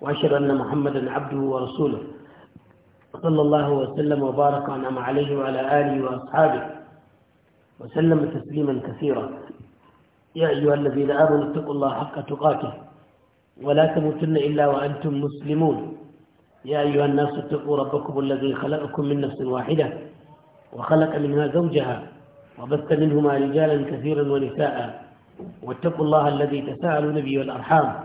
وأشهد أن محمدا عبده ورسوله صلى الله وسلم وبارك وأنعم عليه وعلى آله وأصحابه وسلم تسليما كثيرا يا أيها الذين آمنوا اتقوا الله حق تقاته ولا تموتن إلا وأنتم مسلمون يا أيها الناس اتقوا ربكم الذي خلقكم من نفس واحدة وخلق منها زوجها وبث منهما رجالا كثيرا ونساء واتقوا الله الذي تساءلون به والأرحام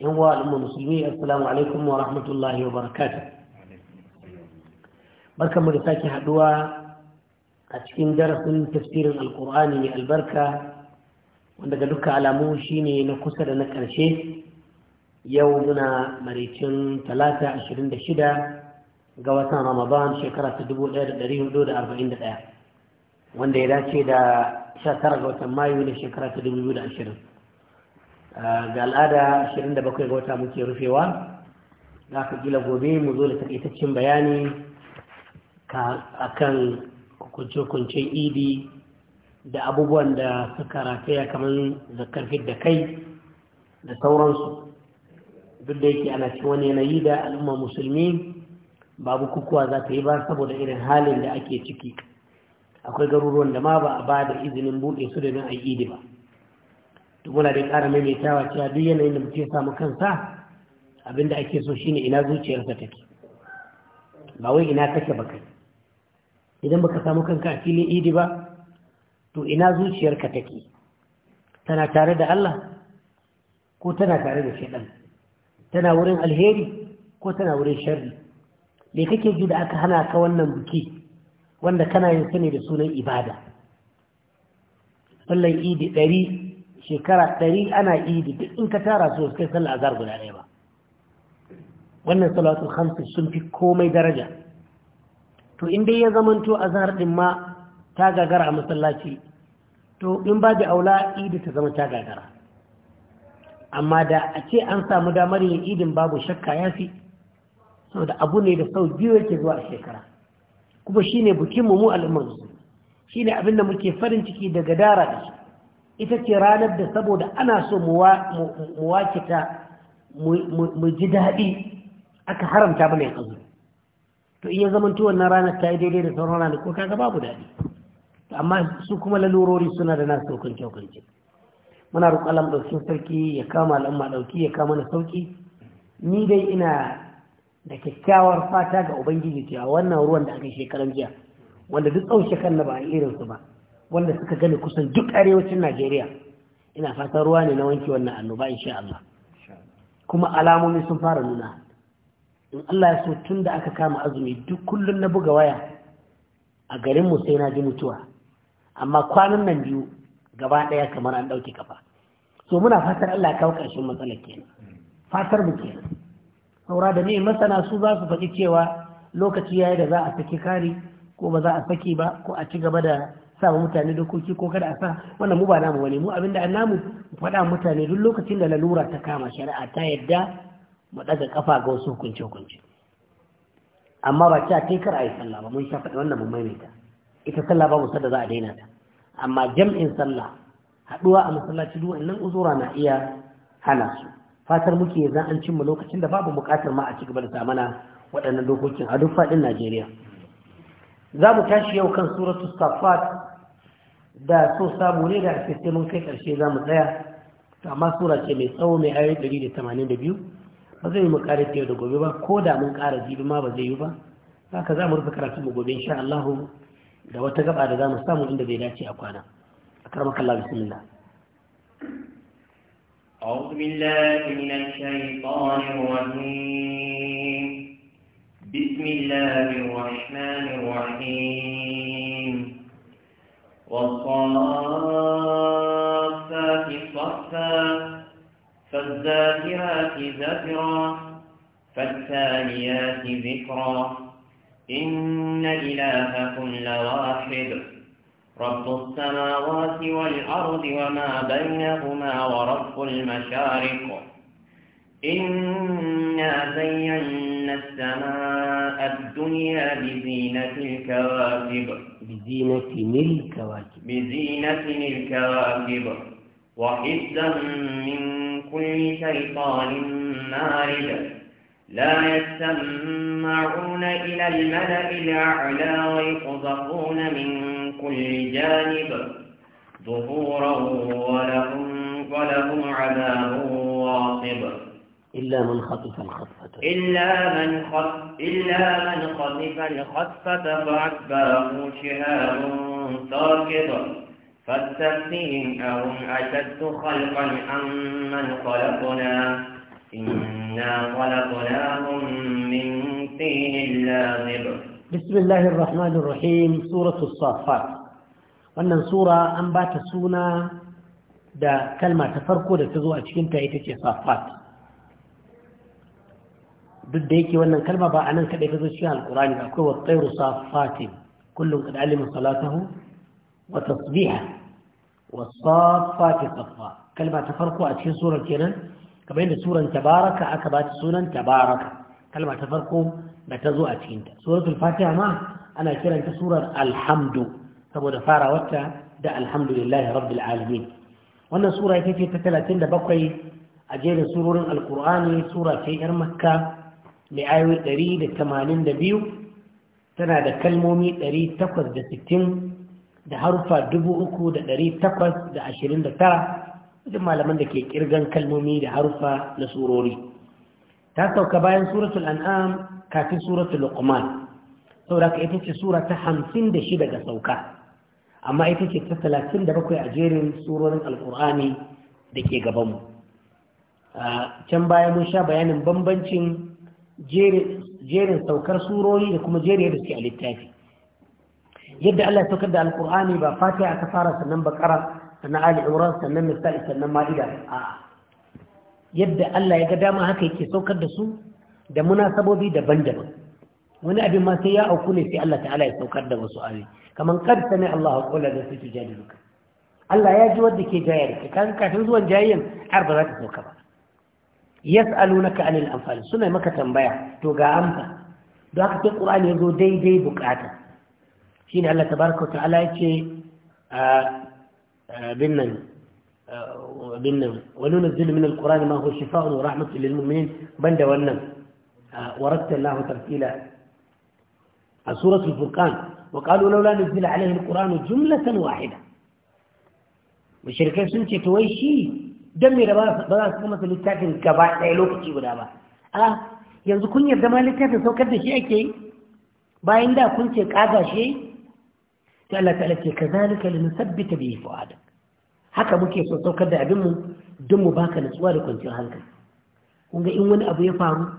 yan wa al'umma musulmi assalamu alaikum wa rahmatullahi wa barakatuh barkamu da sake haduwa a cikin darasin tafsirin alkur'ani mai albarka wanda ga duka alamu shine na kusa da na ƙarshe yau muna maraicin talata 26 ga watan ramadan shekara ta 1441 wanda ya dace da 19 ga watan mayu na shekara ta 2020 Ah, ga al'ada 27 ga wata muke rufewa za ka gila gobe mu zo da takaitaccen bayani a kan hukunce-hukuncen idi da abubuwan da suka rataya kamar zakar da kai da sauransu duk da yake ana cin wani yanayi da al'umma musulmi babu kukuwa za ta yi ba saboda irin halin da ake ciki akwai garuruwan da ma ba a ba da izinin buɗe su da nan a idi ba to da dai ƙara maimaitawa cewa duk yanayin da mutum ya samu kansa abinda ake so shine ina zuciyarsa take ba wai ina kake ba kai idan baka samu kanka a filin idi ba to ina zuciyarka take tana tare da Allah ko tana tare da shaidan tana wurin alheri ko tana wurin sharri me kake ji da aka hana ka wannan buki wanda kana yin sani da sunan ibada sallan idi ɗari shekara ɗari ana idi duk in ka tara su kai sallah azhar guda ɗaya ba wannan salatu khamsi sun fi komai daraja to in dai ya zamanto azhar din ma ta gagara a masallaci to in ba da aula idi ta zama ta gagara amma da a ce an samu damar yin idin babu shakka ya fi saboda abu ne da sau biyu yake zuwa a shekara kuma shine bukin mu mu al'ummar shi ne abinda muke farin ciki daga dara da shi ita ce ranar da saboda ana so mu wace ta mu ji daɗi aka haramta mana a zuwa to iya tuwon na ranar ta yi daidai da sauran ranar ko kaga babu daɗi to amma su kuma lalurori suna da nasu hukunce kyaukance muna roƙon alam ɗauki sarki ya kama al'umma ɗauki ya kama na sauki ni dai ina da kyakkyawar fata ga ubangiji cewa wannan ruwan da aka shekaran jiya wanda duk tsawon shekaran na ba a irinsu ba wanda suka gani kusan duk arewacin Najeriya ina fatan ruwa ne na wanke wannan annoba insha Allah kuma alamomi sun fara nuna in Allah ya so tun da aka kama azumi duk kullun na buga waya a garin mu sai na ji mutuwa amma kwanan nan biyu gaba daya kamar an dauke kafa so muna fatar Allah ya kawo ƙarshen matsalar kenan fatar mu kenan saura da ne masana su za su faɗi cewa lokaci yayi da za a saki kari ko ba za a saki ba ko a ci gaba da sa wa mutane dokoki ko kada a sa wannan mu ba namu wani mu abinda an namu faɗa mutane duk lokacin da lalura ta kama shari'a ta yadda mu daga kafa ga wasu hukunce hukunce amma ba ta kai kar a yi sallah ba mun sha faɗi wannan mu maimaita ita sallah ba babu sadda za a daina ta amma jam'in sallah haɗuwa a masallaci duk wannan uzura na iya hana su fatar muke zan an cimma lokacin da babu buƙatar ma a ci gaba da samana waɗannan dokokin a duk faɗin Najeriya. Za mu tashi yau kan suratu Safat da so samu ne da ake sai mun kai ƙarshe za mu tsaya amma sura ce mai tsawo mai ayoyi 182 ba zai yi mu ƙara fiye da gobe ba ko da mun ƙara jibi ma ba zai yi ba haka za mu rufe karatu mu gobe insha Allah da wata gaba da za mu samu inda bai dace a kwana a الله بسم الله أعوذ بالله من الشيطان الرجيم بسم الله الرحمن الرحيم والصافات صفا فالذاكرات ذكرا فالتاليات ذكرا إن إلهكم لواحد رب السماوات والأرض وما بينهما ورب المشارق إنا زينا السماء الدنيا بزينة الكواكب بزينة الكواكب بزينة الكواكب وحفظا من كل شيطان مارد لا يستمعون إلى الملأ الأعلى ويقذفون من كل جانب ظهورا ولهم, ولهم عذاب واصب إلا من خطف الخطفة إلا من خطف إلا من خطف الخطفة فأتبعه شهاب ساكت فاستفتهم أهم أشد خلقا أم من خلقنا إنا خلقناهم من طين لاغب بسم الله الرحمن الرحيم سورة الصافات wannan sura an ba دا suna da kalma ta farko da ta zo a cikinta ita ce safat duk da yake wannan kalma ba a nan kaɗai ta zo cikin alkurani ba akwai wasu sa fati kullum kada alimin salatahu wa tasbiha wa fati safa kalma ta farko a cikin surar kenan kamar yadda suran tabaraka aka ba ta sunan tabaraka kalma ta farko da ta zo a cikinta suratul fatiha ma ana kiranta surar alhamdu saboda wata da alhamdu rabbil alamin wannan sura ita ce ta 37 a jerin surorin alkur'ani sura ce yar makka mai ayoyi ɗari da tamanin da biyu tana da kalmomi ɗari takwas da sittin da harufa dubu uku da ɗari takwas da ashirin da tara wajen malaman da ke ƙirgan kalmomi da harufa na surori ta sauka bayan suratul an'am kafin suratul luqman saboda ita ce sura ta hamsin da shida ga sauka amma ita ce ta talatin da bakwai a jerin surorin alkur'ani da ke gabanmu can baya mun sha bayanin bambancin jerin saukar surori da kuma jerin da suke a littafi yadda Allah ya saukar da alkur'ani ba fatiha aka fara sannan bakara sannan ali imran sannan misali sannan ma'ida a yadda Allah ya ga dama haka yake saukar da su da munasabobi daban-daban wani abin ma sai ya auku ne sai Allah ta'ala ya saukar da wasu ayoyi kaman kad sami Allah qawla da su tujadiluka Allah ya ji wanda ke jayar ka kan kafin zuwan jayyan har ba za ta sauka ba yas'alunaka anil anfal suna maka tambaya to ga amsa don haka sai qur'ani yazo daidai bukata shine Allah tabaraka wa ta'ala yace ah, ah, bin nan ah, bin nan wa nunzilu min alqur'ani ma huwa shifaa'un wa rahmatun lil mu'minin banda wannan ورتل الله ترتيلا سورة الفرقان وقالوا لولا نزل عليه القرآن sun ce مشركين wai shi? don mai da ba za su masa littafin gaba ɗaya lokaci guda ba a yanzu kun yarda ma littafin saukar da shi ake yi bayan da kun ce ƙaga shi sai Allah ta'ala ce ka zalika lin sabbita biyu fu'adak haka muke so saukar da abin mu don mu baka nutsuwa da kwanciyar hankali kun ga in wani abu ya faru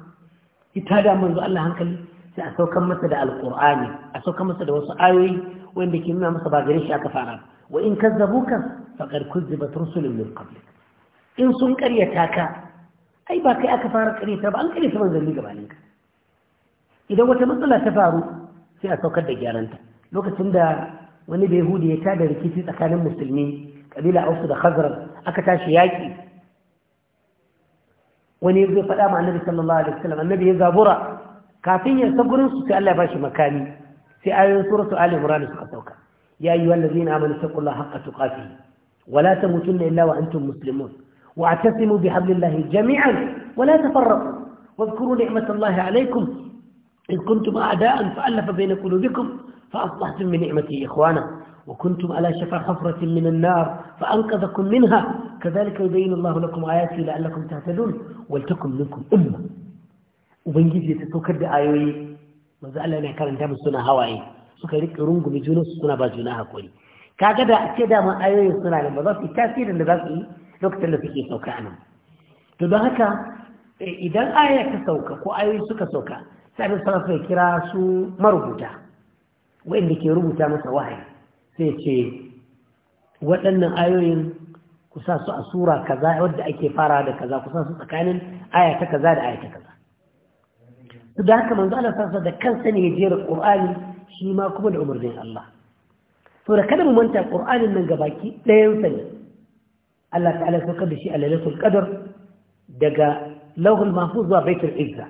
ita da manzo Allah hankali sai a saukar masa da alqur'ani a saukar masa da wasu ayoyi wanda ke nuna masa ba gare shi aka fara wa in kazzabuka faqad kuzibat rusulun min qablik in sun karyata ka ai ba kai aka fara karyata ba an karyata manzanni gabanin ka idan wata matsala ta faru sai a saukar da gyaranta lokacin da wani bai hudu ya tada rikici tsakanin musulmi kabila ausu da khazar aka tashi yaƙi wani zai faɗa ma annabi sallallahu alaihi wasallam annabi ya zabura kafin ya sa gurin su sai Allah ya bashi makami sai ayoyin suratu ali imran suka sauka ya ayyuhallazina amanu taqullaha haqqa tuqatih wala tamutunna illa wa antum muslimun واعتصموا بحبل الله جميعا ولا تفرقوا واذكروا نعمة الله عليكم إن كنتم أعداء فألف بين قلوبكم فأصبحتم من نعمتي إخوانا وكنتم على شفا حفرة من النار فأنقذكم منها كذلك يبين الله لكم آياته لعلكم تهتدون ولتكن منكم أمة وبنجي تتوكر بآيوي ماذا ألا أنا كان دام السنة هواي سكريك رنق مجونس السنة باجناها كوي كاكدا أتدا ما آيوي السنة لما ذاتي التاثير لذاتي lokacin da suke sauka anan to don haka eh, idan aya ta sauka ko ayoyi suka sauka sai da sana sai kira su marubuta wanda ke rubuta masa wahayi sai ce waɗannan ayoyin ku sa su a sura kaza wadda ake fara da kaza ku sa su tsakanin aya ta kaza da aya ta kaza su da haka manzo Allah sansa da kansa ne jera Qur'ani shi ma kuma da umarnin Allah to da kada mu manta Qur'anin nan gabaki ɗayan sa ne Allah ta'ala saukar da shi a lailatul qadar daga lauhul mahfuz zuwa baitul izza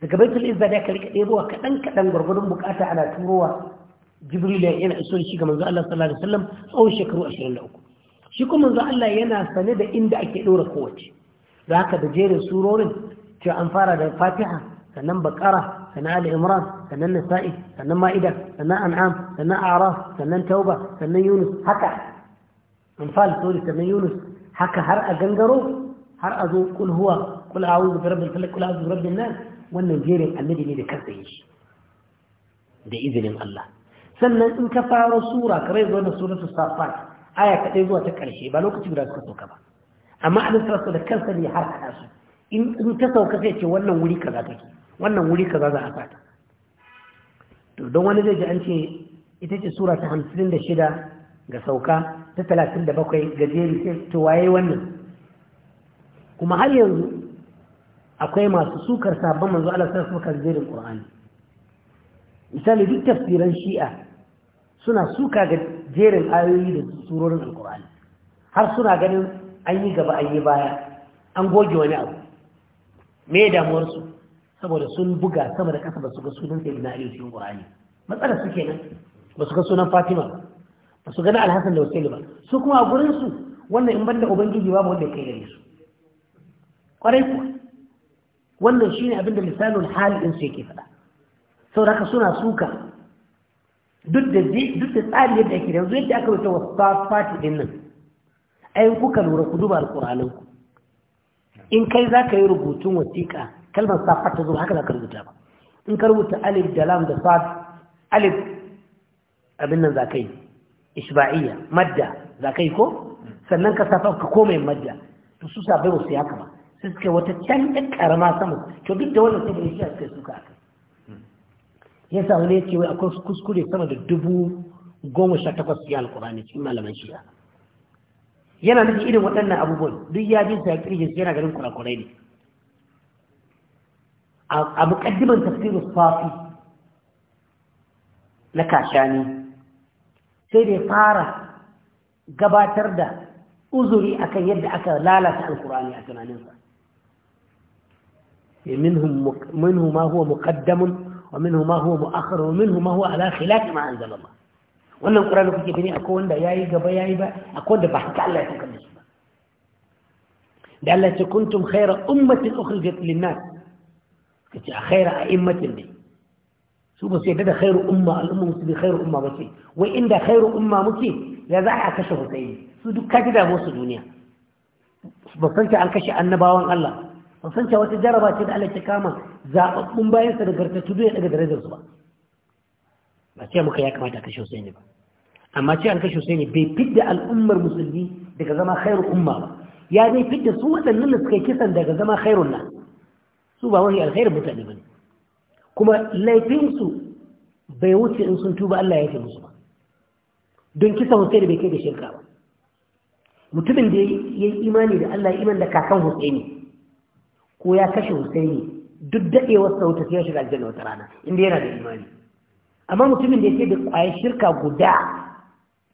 daga baitul izza da kalika ɗebowa kaɗan kaɗan gwargwadon bukata ana turowa jibril yana iso shi ga manzo Allah sallallahu alaihi wasallam tsawon shekaru 23 shi kuma manzo Allah yana sane da inda ake ɗora kowace da haka da jerin surorin cewa an fara da fatiha sannan bakara sannan ali imran sannan nisa'i sannan ma'ida sannan an'am sannan a'raf sannan tauba sannan yunus haka anfal sori sannan yunus haka har a gangaro har a zo kul huwa kul a'udhu bi rabbil falaq kul a'udhu bi rabbin nas wannan jerin annabi ne da kansa yin shi da izinin Allah sannan in ka fara sura ka kare zo da suratul safat aya kadai zuwa ta karshe ba lokaci guda suka sauka ba amma an sarrafa da kansa ne har hada su in ka sauka sai ce wannan wuri kaza take wannan wuri kaza za a fata to don wani zai ji an ce ita ce sura ta 56 ga sauka ta talatin da bakwai ga sai to waye wannan kuma har yanzu akwai masu sukar sabon manzo Allah sai suka jerin Qur'ani misali duk tafsiran Shi'a suna suka ga jerin ayoyi da surorin Qur'ani har suna ganin an yi gaba an yi baya an goge wani abu me damuwarsu saboda sun buga sama da kasa ba su ga sunan Sayyidina da cikin Qur'ani matsalar su kenan ba su ga sunan Fatima ba ba su gani alhassan da wasu ba su kuma a gurinsu wannan in banda ubangiji babu wanda ya kai gare su kwarai kuwa wannan shine abin da misalin hali ɗinsu yake faɗa sauraka suna suka duk da tsari yadda ake da yanzu yadda aka wuce wasu fati din nan ayin kuka lura ku duba ku in kai za ka yi rubutun wasiƙa kalmar safar ta zuwa haka za ka rubuta ba in ka rubuta alif da lam da fat, alif abin nan za ka yi isba'iyya madda za ka yi ko sannan ka safa ka komai madda to su sabai wasu ya kama sai suka wata can ɗan ƙarama sama to duk da wannan shi a suka suka aka ya sa wani yake wai akwai kuskure sama da dubu goma sha takwas ya alƙur'ani cikin malaman ya. yana nufin irin waɗannan abubuwan duk ya jinsa ya ƙirgin yana ganin kurakurai ne a muƙaddiman tafsirin safi na kashani sai dai fara gabatar da uzuri akan yadda aka lalata alkur'ani a tunaninsa منه ما هو مقدم ومنه ما هو مؤخر ومنه ما هو على خلاف ما أنزل الله wannan ƙuranu kuke gani akwai wanda ya yi gaba ya yi ba akwai wanda ba haka Allah ya tukar da shi ba da Allah ce kuntum khaira ummatin ukhrijat lin nas kace a khaira a immatin dai su ba su yadda da khairu umma al'umma musu bi khairu umma bace. wai inda khairu umma muke ya za a kashe husaini su duk kaji da musu duniya ba san an kashe annabawan Allah ba san wata jaraba ce da Allah ta kama zababbun bayan sa da gartattu ya daga darajar su ba ba ce muka ya kamata kashe husaini ba amma ce an kashe husaini bai fidda al'ummar musulmi daga zama khairu umma ba ya dai fidda su waɗannan da suka kisan daga zama khairun nan su ba wani alkhairin mutane bane kuma laifinsu bai wuce in sun tuba Allah ya fi musu ba don kisa Hussein bai kai da shirka ba mutumin da ya yi imani da Allah iman da kakan Hussein ko ya kashe Hussein duk daɗewar sauta sai ya shiga aljanna wata rana inda yana da imani amma mutumin da ya ce da kwayar shirka guda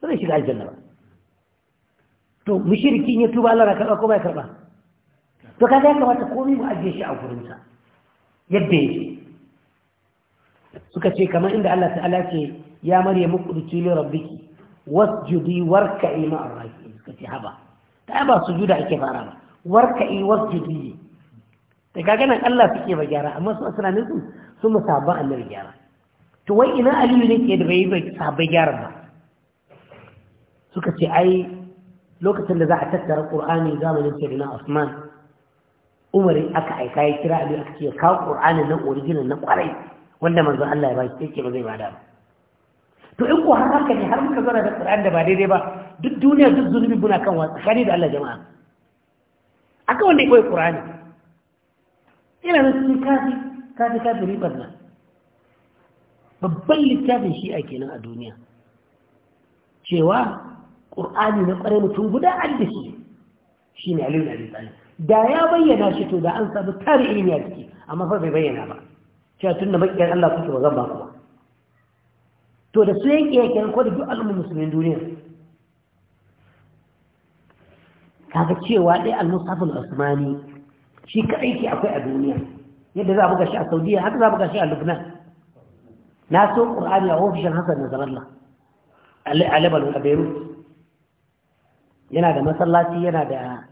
zai shiga aljanna ba to mushrikin ya tuba Allah na karɓa ko bai karɓa, to kaga ya kamata komai mu ajiye shi a gurinsa yadda yake suka ce kamar inda Allah ta'ala ce ya maryamu da li rabbiki wasjudi warka'i ma'a raki'in suka ce haba ta ba su juda ake fara ba warka'i wasjudi da kaga nan Allah suke ba gyara amma su asira nufin su su musabba annabi gyara to wai ina aliyu ne ke da bai bai sabon gyara ba suka ce ai lokacin da za a tattara qur'ani zamanin na Usman Umar aka aika ya kira abin aka ce kawo qur'ani nan original na ƙwarai. wanda manzo Allah ya baki yake ba zai bada ba to in ko har haka ne har muka zara da Qur'an da ba daidai ba duk duniya duk zunubi buna kan wa tsakani da Allah jama'a aka wanda ya koyi Qur'ani ina nan su kafi kafi kafi ribar nan babban littafin shi a kenan a duniya cewa Qur'ani na kware mutum guda addisi shi ne aliyu da da ya bayyana shi to da an sabu tari ilimi a ciki amma fa bai bayyana ba cewa tun da maƙiyar Allah kuke ba zan ba ku ba to da su yanke yankin ko da duk al'ummar musulmin duniya kaga cewa dai al-musafin usmani shi ka aiki akwai a duniya yadda za a buga shi a saudiya haka za a buga shi a lubnan na so ƙur'ani a ofishin hassan na zamanla a lebanon a beirut yana da masallaci yana da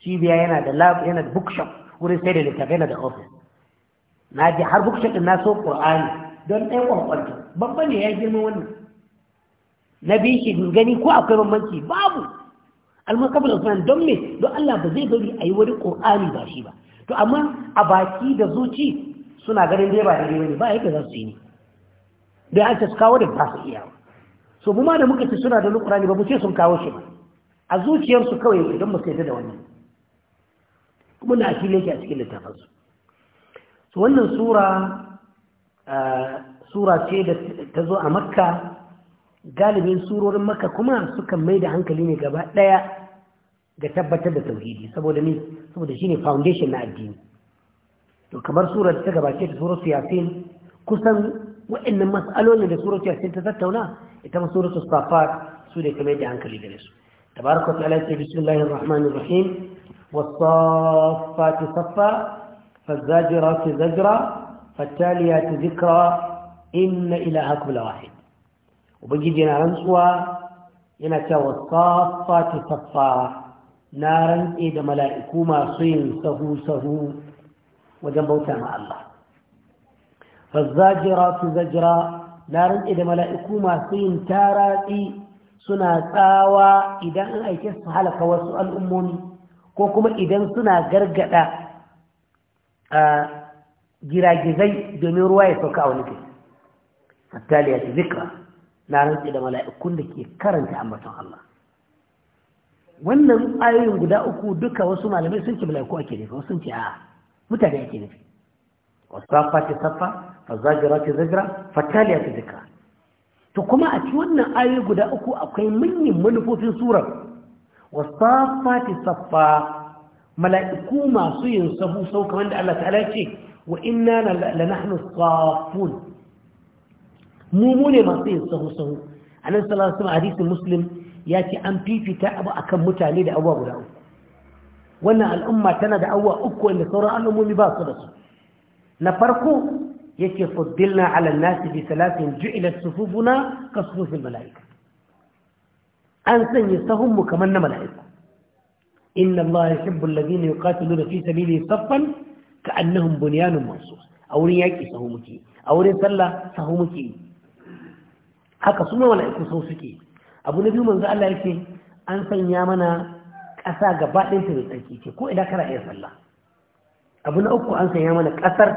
cibiya yana da lab yana da bookshop wurin sai da littafi yana da ofis na ji har bukshe din na so qur'ani don ɗaya ƙwanƙwanta babba ne ya girma wannan na biyu shi gani ko akwai bambanci babu almakabar usman don me don Allah ba zai bari a yi wani ƙur'ani ba shi ba to amma a baki da zuci suna ganin dai ba daidai wani ba yadda za su yi ne dai an su kawo da ba su iya so mu ma da muka ci suna da ƙur'ani ba mu ce sun kawo shi ba a zuciyarsu kawai don mu sai da wannan kuma na akili yake a cikin littafansu wannan sura sura ce da ta zo a makka galibin surorin makka kuma sukan mai da hankali ne gaba ɗaya ga tabbatar da tauhidi saboda ne saboda shine foundation na addini to kamar surar ta ta gabace ta surar yasin kusan wa'annan mas'alolin da surar yasin ta tattauna ita ma surar safat su da kamar da hankali gare su tabaraka ta'ala ce bismillahir rahmanir rahim was-saffati saffa فالزاجرات زجرة فالتاليات ذكرى إن الهكم كل واحد وبجد ينعنصوا ينتوى الصافات صفا نارا إذا ملائكو ما صين سهو سهو وجنبوتا مع الله فالزاجرات زجرة نارا إذا ملائكو ما صين تاراتي سنة ساوى إذا أن أيكس حلق وسؤال امون كوكما إذا سنة قرقة giragizai domin ruwa ya sauka a wani kai hattali ya ce zikra na rantsi da mala'ikun da ke karanta ambaton Allah wannan ayoyin guda uku duka wasu malamai sun ce mala'iku ake nufi wasu sun ce a mutane ake nufi Wasu wasafa ce safa fazagira ce zagira fattali ya ce zikra to kuma a ci wannan ayoyi guda uku akwai manyan manufofin surar wasafa ce safa mala'iku masu yin sahu sau kamar da Allah ta'ala ce wa inna la nahnu safun mu mu ne masu yin sahu sahu annabi sallallahu alaihi wasallam hadisin muslim ya ce an fifita abu akan mutane da abuwa guda uku wannan al'umma tana da abuwa uku wanda sauran al'ummomi ba su da su na farko yake fuddilna ala nasi bi salatin ju'ilat sufufuna ka sufufil mala'ika an sanya sahunmu kamar na mala'iku inna Allah yuhibbu alladhina yuqatiluna fi sabilihi saffan ka'annahum bunyanun marsus a wurin yaƙi sahu muke a wurin sallah sahu muke haka su wani sau suke abu na biyu manzo Allah yake an sanya mana ƙasa gaba ɗin mai tsarki ce ko idan kana iya sallah abu na uku an sanya mana ƙasar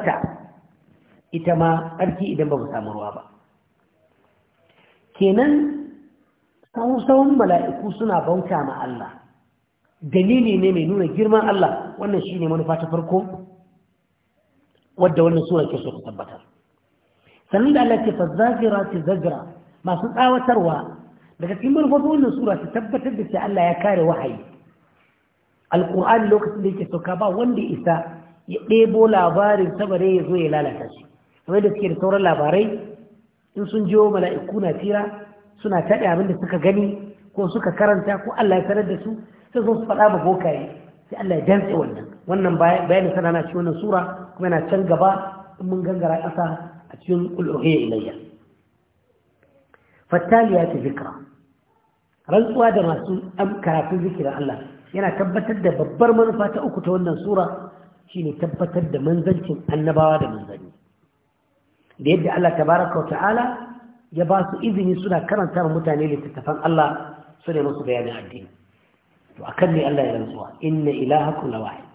ita ma tsarki idan ba mu samu ruwa ba kenan sahun mala'iku suna bauta ma Allah dalili ne mai nuna girman Allah wannan shi ne manufa ta farko wadda wannan sura ke so ta tabbatar sannan da Allah ke fa ta zajira masu tsawatarwa daga cikin manufofin wannan sura ta tabbatar da ce Allah ya kare wahayi alƙur'ani lokacin da yake sauka ba wanda isa ya ɗebo labarin sabare ya zo ya lalata shi kamar da suke da sauran labarai in sun jiwo mala'iku na tira suna taɗe abin da suka gani ko suka karanta ko Allah ya sanar da su sai zo su faɗa ba bokaye sai Allah ya dantse wannan wannan bayanin sana na cikin wannan sura kuma yana can gaba in mun gangara ƙasa a cikin ul'uhiyya ilayya fattaliya ta zikra rantsuwa da masu karatun zikirin Allah yana tabbatar da babbar manufa ta uku ta wannan sura shine tabbatar da manzancin annabawa da manzanni da yadda Allah tabaraka wa ta'ala ya ba su izini suna karanta mutane littattafan Allah su ne musu bayanin addini to akan ne Allah ya rantsuwa inna ilahakum la wahid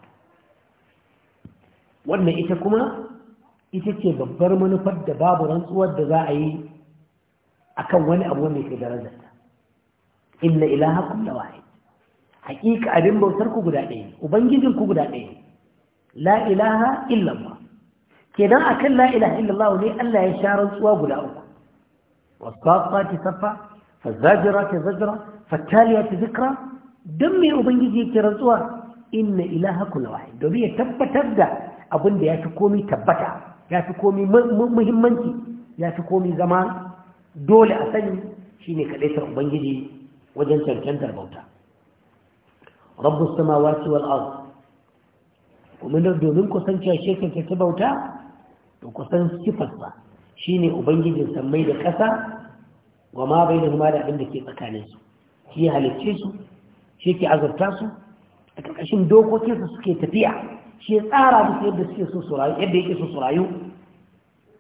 wannan ita kuma ita ce babbar manufar da babu rantsuwar da za a yi akan wani abu wanda ke darajar ta inna ilahakum la wahid hakika abin bautar ku guda ɗaya ubangijin ku guda ɗaya la ilaha illa Allah kenan akan la ilaha illa Allah ne Allah ya sha rantsuwa guda uku wasaqati safa fazajirati zajra ta zikra Dan mai ubangiji yake rantsuwa inna ilahakum wahid domin ya tabbatar da abin da ya fi komi tabbata ya fi komi muhimmanci ya fi komi zama dole a sani shine kadaitar ubangiji wajen cancantar bauta Sama, samawati wal ard kuma domin kusanciya shekarta ta bauta to kusan sifarsa shine ubangijin sammai da ƙasa wa bai da kuma da abin da ke tsakaninsu shi halicce su shi ke azurta su a ƙarƙashin dokokinsa suke tafiya shi ya tsara musu yadda suke so su rayu yadda yake so su rayu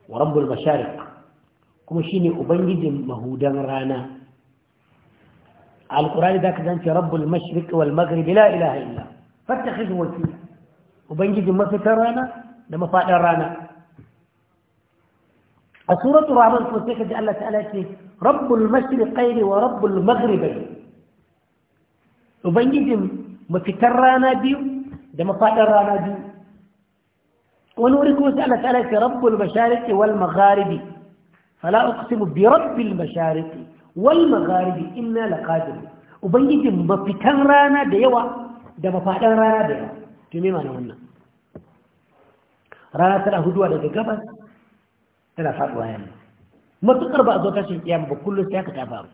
wa rabbul mashariq kuma shine ubangijin mahudan rana alqur'ani zaka zance rabbul mashriq wal maghrib la ilaha illa fattakhidhu wakila ubangijin mafitar rana da mafadar rana a suratul rahman kuma sai kaji Allah ta'ala ce rabbul mashriqaini wa rabbul maghribaini ubangijin mafitar rana biyu da mafaɗar rana biyu wani wuri kuma sai Allah ta'ala ya rabbul mashariqi wal magharibi fala uqsimu bi rabbil mashariqi wal magharibi inna laqadirun ubangijin mafitan rana da yawa da mafaɗan rana da yawa to me ma'ana wannan rana tana huduwa daga gabas tana faɗuwa yamma matuƙar ba a zo tashin kiyama ba kullum sai aka tafa ba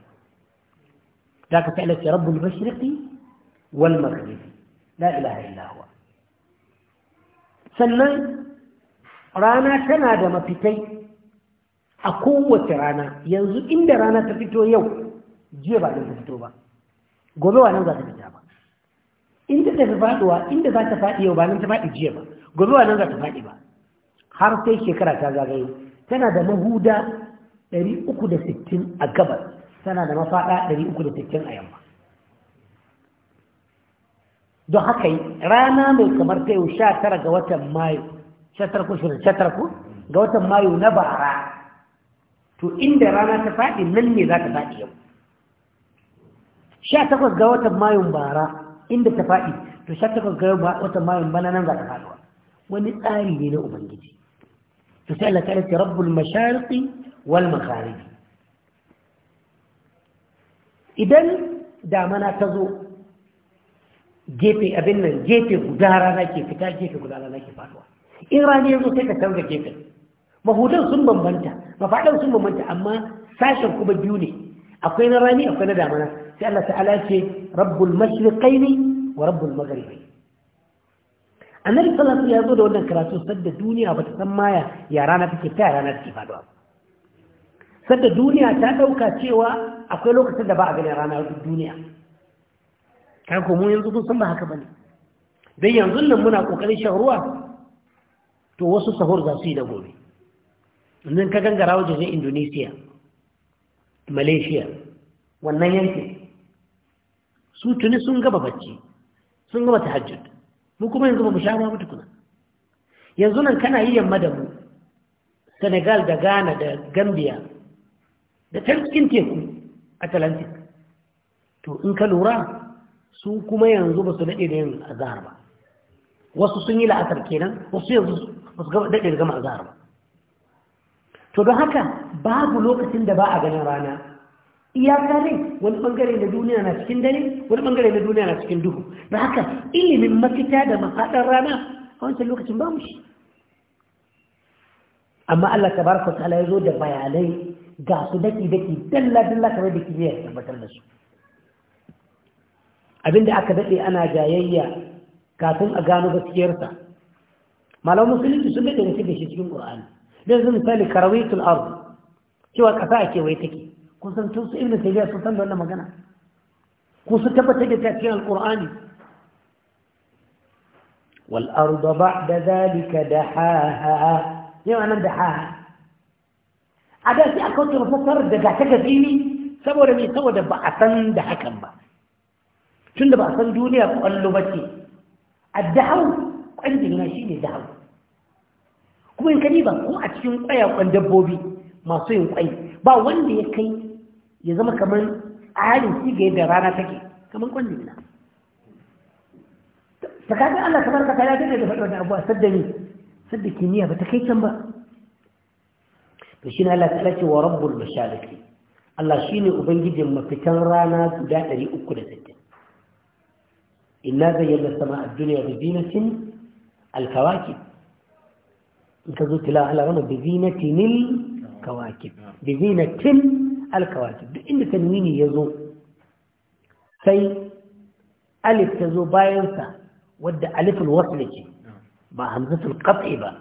ta ka ta'ala ce rabbul mashriqi wal maghrib la ilaha illa sannan rana tana da mafitai a kowace rana yanzu inda rana ta fito yau jiya ba ta fito ba gobe wa nan za ta fita ba inda ta fi faduwa inda za ta faɗi yau ba nan ta faɗi jiya ba gobe wa nan za ta faɗi ba har sai shekara ta zagaye tana da mahuda 360 a gabas tana da mafaɗa 360 a yamma don haka yi rana mai kamar ta yau sha tara ga watan mayu sha tara ko shirin sha tara ko ga watan mayu na bara to inda rana ta faɗi nan ne za ta faɗi yau sha takwas ga watan mayun bara inda ta faɗi to sha takwas ga watan mayun bana nan za ta faɗuwa wani tsari ne na ubangiji to sai Allah ta ce rabbul mashariqi wal magharibi idan damana ta zo gefe abin nan gefe guda rana ke fita gefe guda rana ke faruwa in rani ya zo sai ka canza gefe mahudan sun bambanta mafaɗan sun bambanta amma sashen kuma biyu ne akwai na rani akwai na damana sai Allah ta'ala ce rabbul mashriqaini wa rabbul maghribi annabi sallallahu alaihi wasallam ya zo da wannan karatu sadda duniya bata san maya ya rana take ta rana take faduwa sadda duniya ta dauka cewa akwai lokacin da ba a ganin rana duniya ka mu yanzu sun san ba haka bane dan yanzu nan muna kokarin shan ruwa to wasu sahur za su yi da gobe nan ka gangara wajen Indonesia Malaysia wannan yanki su tuni sun gaba bacci sun gaba tahajjud mu kuma yanzu ba mu sha ba tukuna yanzu nan kana yi yamma da mu Senegal da Ghana da Gambia da tarkin teku Atlantic to in ka lura su kuma yanzu ba su daɗe da yin azahar ba wasu sun yi la'asar kenan wasu yanzu ba su daɗe da gama azahar ba to don haka babu lokacin da ba a ganin rana iyaka ne wani bangare na duniya na cikin dare wani bangare na duniya na cikin duhu da haka ilimin mafita da mafaɗar rana a wancan lokacin ba mu shi amma Allah Ta bar fasala ya zo da bayanai ga su daki daki dalla dalla kamar da kiyar tabbatar da su abinda aka daɗe ana jayayya kafin a gano gaskiyarsa malamu musulunci sun daɗe mutu da shi cikin ƙur'ani don zai misali karawaitul ardu cewa ƙasa a kewaye take kun san tun su ibnu tayyiba sun san da wannan magana kun su tabbatar da ta cikin alƙur'ani wal ardu ba'da zalika dahaha yau anan dahaha a da sai aka wuce mafassar da ga ta gafi saboda mai saboda ba a san da hakan ba tun da ba san duniya kwallo ba ce a dahau kwanjin na shi ne dahau kuma in kani ba kuma a cikin kwayakon dabbobi masu yin kwai ba wanda ya kai ya zama kamar halin sigaye da rana take kamar kwanjin na tsakanin allah kamar ka kaya daga da faɗi wani abuwa sadda ne sadda kimiyya ba ta kai can ba to shi na allah ta ce wa rabbul mashariki allah shi ne ubangijin mafitan rana guda sittin. إنا زينا السماء الدنيا بزينة الكواكب كذو تلا على غنى بزينة الكواكب بزينة الكواكب بإن تنويني يزو سي ألف تزو باينسا ود ألف الوصلة با همزة القطع با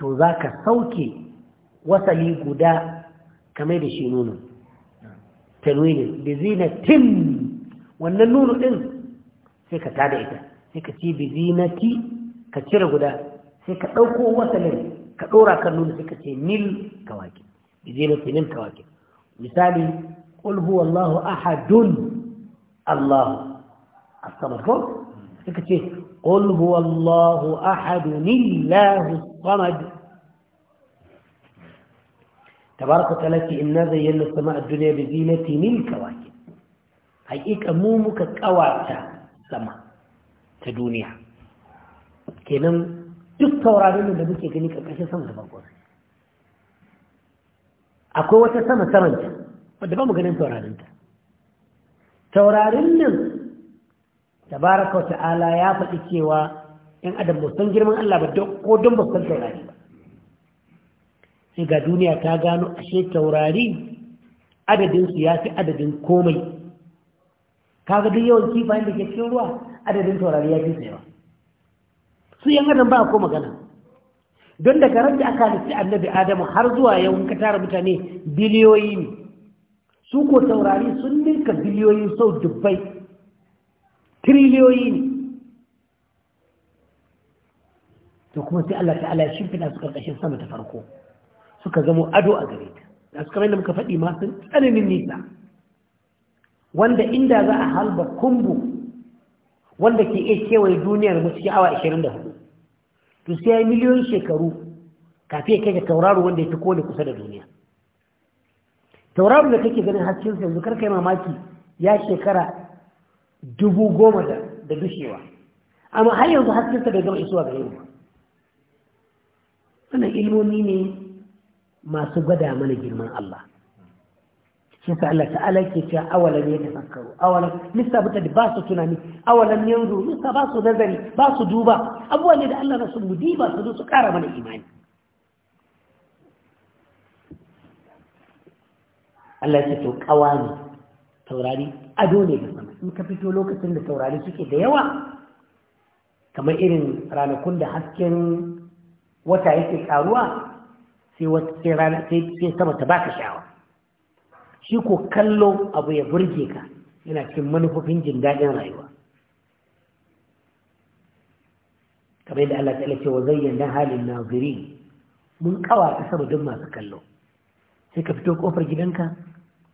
to za ka sauke wasali guda kamar da shi nunu tanwinin da zina tim wannan nunu ɗin sai ka tada ita sai ka ci bi zinati ka cire guda sai ka ɗauko wasalin ka ɗora kan nuna sai ka ce nil kawaki bi zinati nil kawaki misali qul huwallahu ahadun allah as-samad ko sai ka ce qul huwallahu ahadun illahu as-samad تبارك وتعالى إنا زينا السماء الدنيا بزينة من الكواكب هيئك مومك كواتا sama ta duniya kenan duk taurarin da muke gani karkashin sama da bangon akwai wata sama samanta wadda ba mu ganin ta taurarin nan tabaraka wa ta'ala ya faɗi cewa ‘yan adam ba san girman Allah ba ko don ba san taurari ba sai ga duniya ta gano ashe taurari adadinsu ya fi adadin komai kaga duk yawan kifayen da ke cikin ruwa adadin taurari ya fi tsayawa su yan adam ba ko magana don da ran da aka halitta annabi adamu har zuwa yau ka tara mutane biliyoyi ne su ko taurari sun ninka biliyoyi sau dubbai triliyoyi ne to kuma sai Allah ta'ala ya fina su ƙarƙashin sama ta farko suka zama ado a gare ta da suka mai da muka faɗi masu tsananin nisa wanda inda za a halba kumbu wanda ke iya kewaye duniyar mu cikin awa 24 to sai miliyon shekaru kafin ya kai ga tauraro wanda ya fi kone kusa da duniya tauraro da kake ganin hasken yanzu kar kai mamaki ya shekara dubu goma da dushewa amma har yanzu hasken sa bai gama isuwa ga yau wannan ilmomi ne masu gwada mana girman Allah sun sa Allah ta'ala yake cewa awalan ya tafakkaru awalan buta da ba su tunani awalan yanzu lissa ba su nazari ba su duba abuwa ne da Allah na sun gudi ba su zo su kara mana imani Allah ya ce to kawani taurari ado ne ga sama in ka fito lokacin da taurari suke da yawa kamar irin ranakun da hasken wata yake karuwa sai wata sai rana sai sama ta baka shawara shi ko kallo abu ya burge ka yana cikin manufofin jin daɗin rayuwa kamar yadda Allah ta'ala ce wa zayyana halin nazari mun kawa ta masu kallo sai ka fito kofar gidanka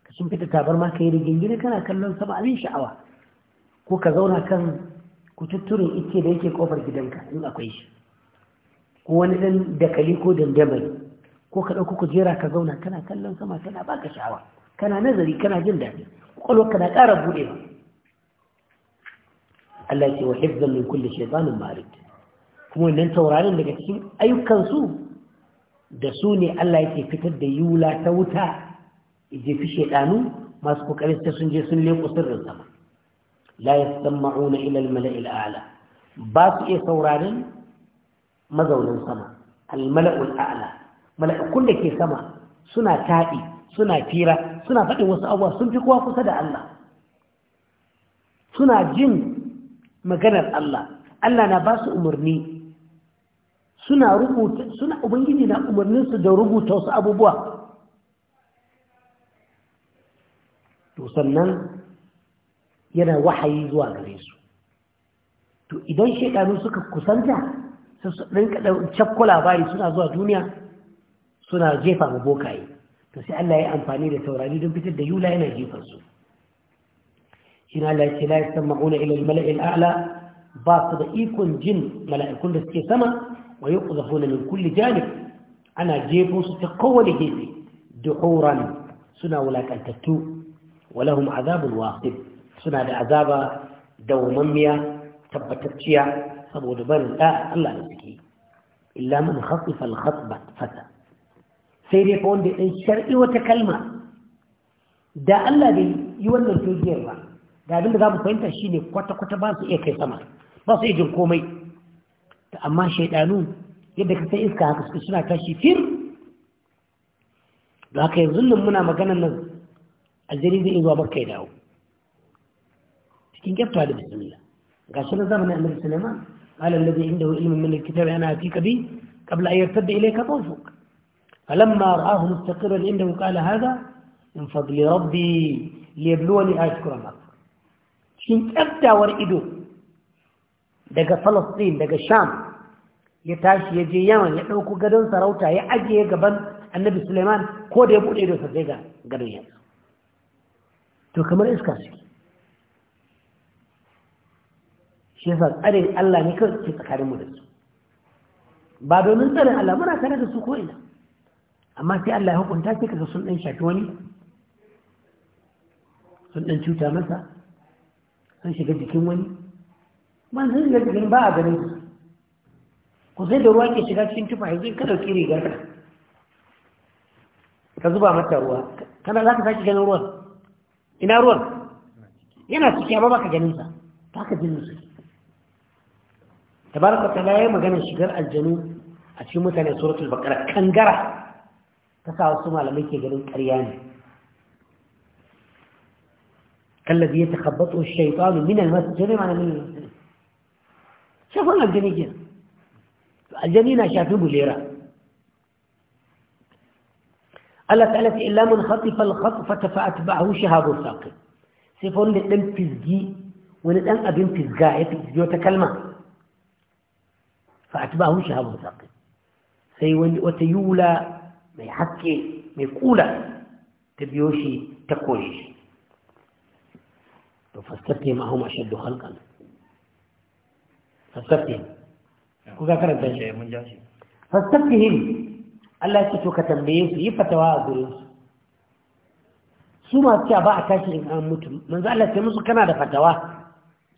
ka sun fita tabar ma ka yi rigingine kana kallon sama abin sha'awa ko ka zauna kan kututturin ice da yake kofar gidanka in akwai shi ko wani dan dakali ko dandamali ko ka ɗauko kujera ka zauna kana kallon sama kana baka sha'awa kana nazari kana jin daɗi ƙwaƙwalwarka na ƙara ba. Allah ce wa hifzan min kulle shaytanin marid kuma wannan taurarin daga cikin ayyukansu da su ne Allah yake fitar da yula ta wuta fi shaidanu masu ƙoƙarin ta sun je sun leƙo sirrin sama la yasma'una ila al-mala'il a'la ba su iya sauraron mazaunin sama al-mala'ul a'la mala'ikun da ke sama suna taɗi suna fira suna faɗin wasu abuwa sun fi kowa kusa da Allah suna jin maganar Allah Allah na ba su umarni suna rubuta suna ubangiji na umarninsu da rubuta wasu abubuwa to sannan yana wahayi zuwa gare su to idan shekaru suka kusanta sai su ɗan cakkula bari suna zuwa duniya suna jefa mu bokaye to sai Allah ya amfani da taurari don fitar da yula yana jifar su shi na Allah ya ce la yasma'una ila al-mala'il a'la ba su da ikon jin mala'ikun da suke sama wa yuqzafuna min kulli janib ana jefo su ta kowane gefe duhuran suna wulakantattu walahum lahum azabun waqib suna da azaba dawamammiya tabbatacciya saboda barin da Allah da suke illa man khasifa al-khatba fasa sai dai fa wanda ɗan shar'i wata kalma da Allah bai yi wannan toziyar ba ga abin da za mu fahimta shi ne kwata-kwata ba su iya kai sama ba su iya jin komai ta amma shaidanu yadda ka sai iska haka suna tashi fir da haka yanzu nan muna magana nan aljeri zai zuwa makka ya dawo cikin kyafta da bismillah ga shi na zamanin annabi sulaiman qala alladhi indahu ilmun min alkitabi kabi Kabla bi qabla da yartadda ka tawfuka فلما رآه مستقرا عنده قال هذا من فضل ربي ليبلوني أشكر الله أكفر شين أبدا ورئدو دقى فلسطين دقى الشام يتاشي يجي يمن يحوكو قدن سروتا يأجي يقبن النبي سليمان كود يبون إيدو سفيدا قدن يمن تو كمر إسكاسي شيفاك أرين الله نكر تتكاري مدرسو بابا من تنه الله منا كانت سكوينه amma sai Allah ya hukunta sai kaga sun dan shafi wani sun dan cuta masa sun shiga jikin wani man sun shiga jikin ba a ganin su ku sai da ruwa ke shiga cikin tufa yanzu ka dauki rigar ka ka zuba mata ruwa kana za ka sake ganin ruwan ina ruwan yana ciki amma baka ganin sa ba ka jin su tabaraka ta ya magana shigar aljanu a cikin mutane suratul baqara kangara ta sa wasu malamai ke ganin ƙarya ne kallabi ya takabbatu shaitanu min almasjid ma min shafan aljani ke aljani na shafi bulera Allah ta'ala ta illa man khatifa al-khatfa fa atba'ahu shahabu saqi sai fa wanda dan fizgi wani dan abin fizga ya fizgi wata kalma fa atba'ahu shahabu saqi sai wani wata yula mai haske mai kula ta biyo shi ta koye shi to fastafi ma huma shaddu halkan Fasafi ku ga karanta shi eh, mun ja shi fastafihim Allah ya to ka tambaye su yi fatawa a gurin su su masu cewa ba a tashi in an mutu manzo Allah sai musu kana da fatawa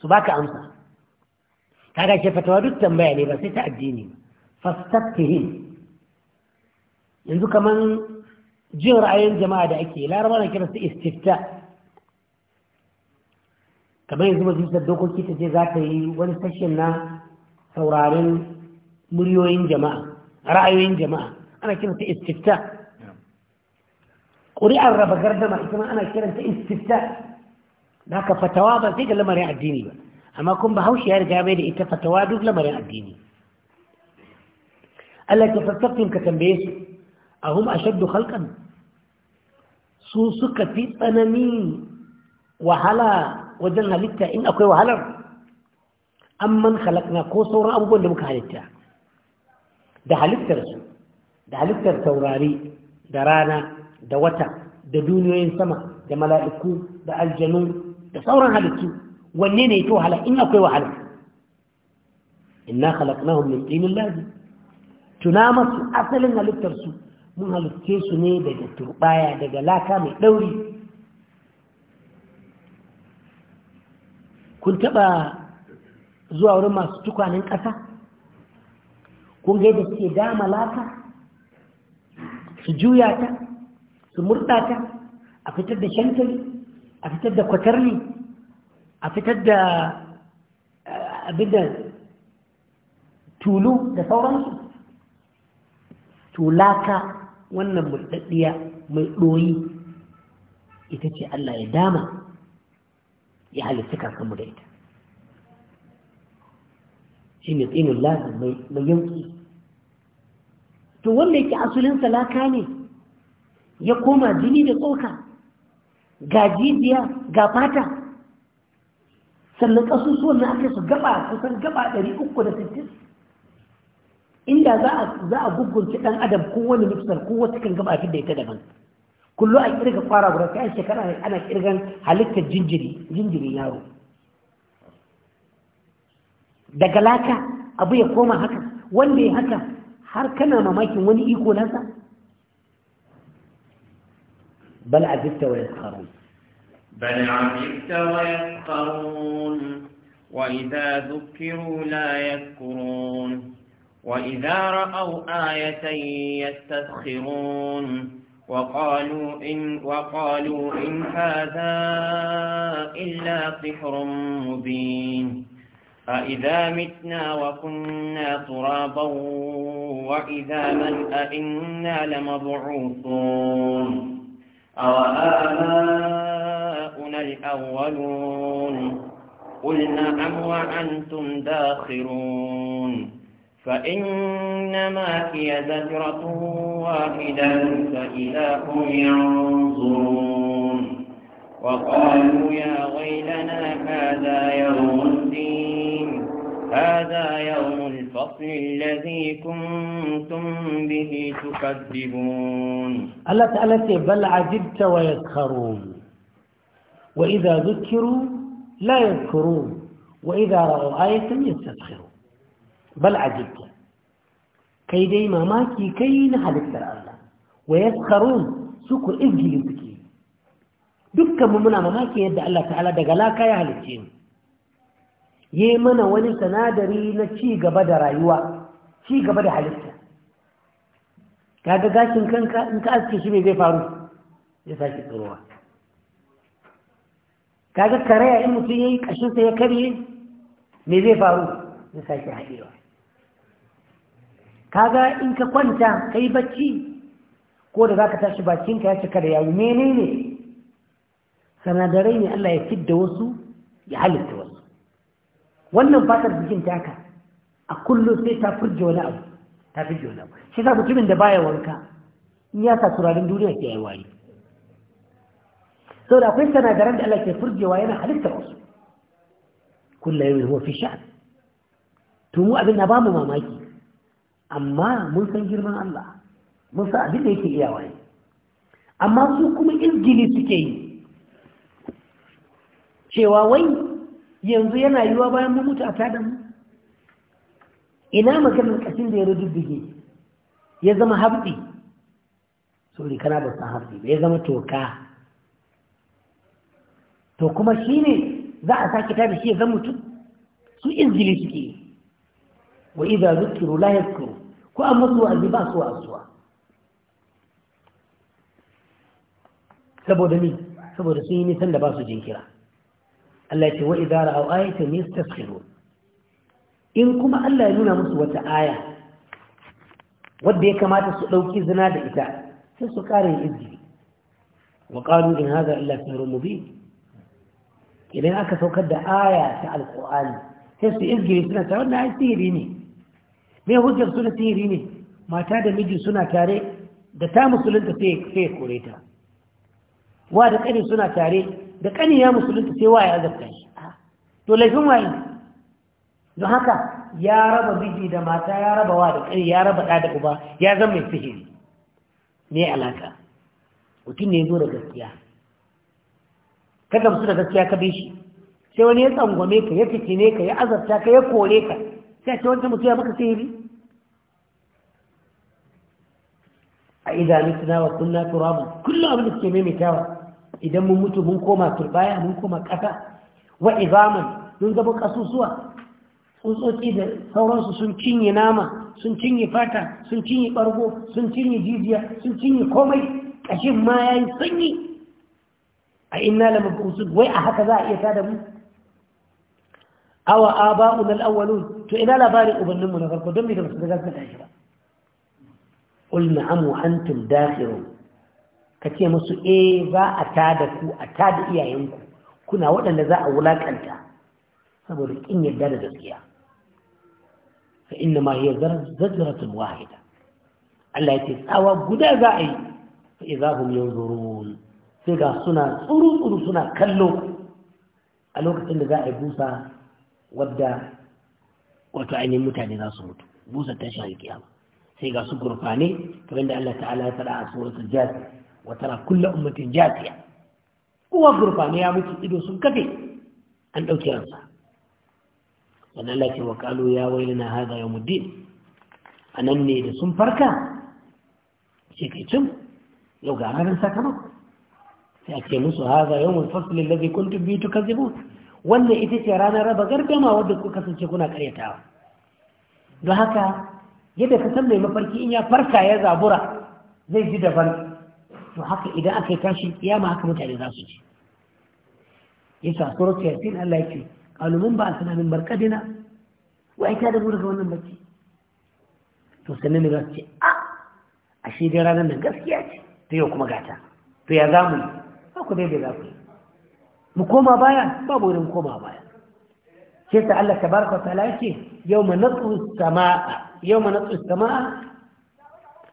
su baka amsa kaga ce fatawa duk tambaya ne ba sai ta addini ba fastaftihim yanzu kaman jin ra'ayin jama'a da ake laraba na kira su istifta kamar yanzu majalisar dokoki ta ce za ta yi wani sashen na saurarin muryoyin jama'a ra'ayoyin jama'a ana kira ta istifta ƙuri'ar raba gardama ita ma ana kira ta istifta da ka fatawa ba sai ga lamarin addini ba amma kun ba haushi ya riga mai da ita fatawa duk lamarin addini Allah ta fassafin ka tambaye su a hum ashaddu halkan su suka fi tsanani wahala wajen halitta in akwai wahalar amman khalaqna ko sauran abubuwan da muka halitta da halittarsu da halittar taurari da rana da wata da duniyoyin sama da mala'iku da aljanu da sauran halittu wanne ne to wahala in akwai wahala inna khalaqnahum min tinin lazim tuna masu asalin halittar su mun halitte su ne daga turbaya daga laka mai ɗauri kun taɓa zuwa wurin masu tukwanin ƙasa kun ga da suke dama laka su juya ta su murɗa ta a fitar da shantali a fitar da kwatarni a fitar da eh, abinda tulu da sauransu to laka. wannan murɗaɗɗiya mai ɗoyi ita ce Allah ya dama ya halitta mu da ita shi ne tsinin lafi mai yanki to wanda yake asulin salaka ne ya koma jini da tsoka ga jijiya ga fata sannan ƙasusuwan na ake su gaba kusan gaba 360 inda za a za a gugunci dan adam ko wani nufsar ko wata kan gaba da ita daban kullu a kirga fara gura kai yan shekara ana kirgan halittar jinjiri jinjiri yaro daga laka abu ya koma haka wanda ya haka har kana mamakin wani iko nasa bal azibta wa yaskharun bal azibta wa yaskharun wa idza dhukiru la yadhkurun وإذا رأوا آية يستسخرون وقالوا إن, وقالوا إن هذا إلا سحر مبين أإذا متنا وكنا ترابا وإذا من أئنا لمبعوثون أوآباؤنا الأولون قل نعم وأنتم داخرون فإنما هي زجرة واحدة فإذا هم ينظرون وقالوا يا ويلنا هذا يوم الدين هذا يوم الفصل الذي كنتم به تكذبون ألا تعالى بل عجبت ويسخرون وإذا ذكروا لا يذكرون وإذا رأوا آية يستسخرون bal ajibta kai dai mamaki kai na halittar Allah wa yaskarun su ku izgili suke dukkan mu muna mamaki yadda Allah ta'ala daga laka ya halicce mu yi mana wani sanadari na ci gaba da rayuwa ci gaba da halitta kaga gashin kanka in ka aske shi mai zai faru ya sake tsirowa kaga karaya in mutum ya yi ƙashinsa ya karye mai zai faru Ya sake haɗewa kaga in ka kwanta kai bacci ko da zaka tashi bakinka ya cika da yayi menene sanadarai ne Allah ya fidda wasu ya halitta wasu wannan fatar jikin taka a kullum sai ta furje wani abu ta furje wani abu shi za mutumin da baya wanka in ya sa turarin duniya ke yi wari saboda akwai sanadaran da Allah ke furjewa yana halitta wasu kullum yau huwa fi sha'an to mu abin na ba mu mamaki amma mun san girman Allah mun san abin da yake iya waye amma su kuma izgili suke yi cewa wai yanzu yana yiwa bayan mun mutu a tada mu ina maganar kashin da ya rududdige ya zama hafi sori kana da san hafi ba ya zama toka to kuma shi ne za a sake tada shi ya zama mutu su izgili suke wa idza zukiru la yadhkuru كأمطوا اللباس وأسوا سبو دمي سبو دسيني سن لباس جنكرا التي وإذا رأوا آية يستسخرون إن ألا ينونا مسوة آية ودي كما تسألو كي زناد إتاء سسكاري إذن وقالوا إن هذا إلا سهر مبين إذن أكثو كد آية على القرآن هسي إذن سنة سعودنا عيسي me hujjar su da sihiri ne mata da miji suna tare da ta musulunta sai ya kore ta wa da ƙani suna tare da ƙani ya musulunta sai wa ya azabta shi to laifin waye don haka ya raba miji da mata ya raba wa da ƙani ya raba ɗa da uba ya zama mai sihiri me alaka mutum ne zo da gaskiya ka gamsu da gaskiya ka bi shi sai wani ya tsangwame ka ya fice ne ka ya azabta ka ya kore ka sai ce wancan mutu ya maka sihiri a idza mutuna wa kunna turabu kullum abin da suke maimaitawa idan mun mutu mun koma turbaya mun koma kasa wa izaman mun zama kasusuwa tsotsotsi da sauransu sun cinye nama sun cinye fata sun cinye bargo sun cinye jijiya sun cinye komai kashin ma yayi sanyi a inna lamabusun wai a haka za a iya da mu awa aba'una al-awwalun to ina labarin ubanninmu na farko don me da su ga zaka tashi ba qul na'am wa antum dakhirun kace musu eh za a tada ku a tada iyayenku kuna waɗanda za a wulakanta saboda kin yarda da gaskiya fa inna ma hiya zajratun wahida Allah yake tsawa guda za a yi fa idahum yanzurun sai ga suna tsuru tsuru suna kallo a lokacin da za a yi busa wadda wato ainihin mutane za su mutu busa tashin alkiyama sai ga su gurfane kamar da Allah ta'ala ya faɗa a suratul jasiya wa tara kullu ummatin jasiya kowa gurfane ya mutu ido sun kafe an ɗauki ransa sannan Allah ce wa kalu ya wailana hada yawmuddin anan ne da sun farka sai kai cin yau ga ranar sakamako sai a ce musu hada yawmul fasl alladhi kuntum bihi tukadzibun wannan ita ce ranar raba gargama wadda kuka kasance kuna karyatawa don haka yadda ka san mai mafarki in ya farka ya zabura zai ji daban to haka idan aka yi tashi ma haka mutane za su ji yasa surat yasin Allah ya ce kalumin ba asna min barkadina wa ita da da daga wannan bacci to sannan ne za su ce a ah, ashe dai ranar nan gaskiya ce to yau kuma gata to ya zamu ba ku dai bai za ku yi mu koma baya babu wurin koma baya ke ta Allah tabaraka wa ta'ala yake yawma natsu samaa yawma natsu samaa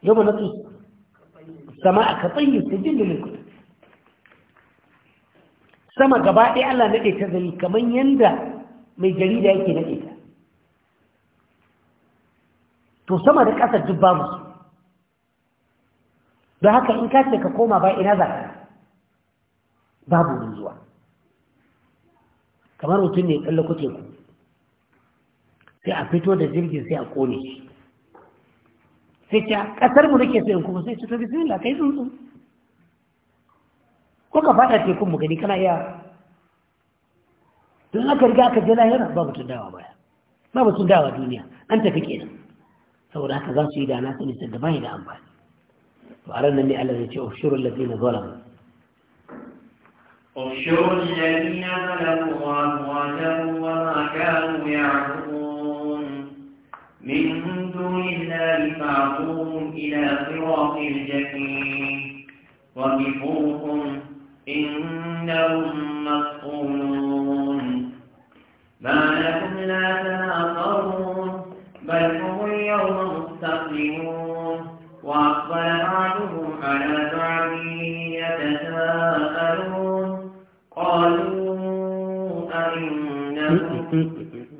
yawma natsu samaa ka tayyi sijil lil kutub sama gaba dai Allah nade ta zali kaman yanda mai jarida yake nade ta to sama da ƙasa duk babu su don haka in ka ce ka koma ba ina za ka babu zuwa kamar mutum ne kuke ku sai a fito da jirgin sai a kone shi sai ta kasar mu nake sayan kuma sai ta bismillah kai tsuntsu ko ka fada tekun mu gani kana iya don aka riga aka je lahira ba mutum dawa baya ba mutum dawa duniya an tafi kenan saboda haka za su yi da na sani da bai da amfani to a ran nan ne Allah ya ce ushurul ladina zalamu احشروا الذين ملكوا أمواتهم وما كانوا يعبدون من دون الله فاعبوهم إلى صراط الجحيم وقفوهم إنهم مسؤولون ما لكم لا تناصرون بل هم اليوم مستقلمون وأقبل بعضهم على بعض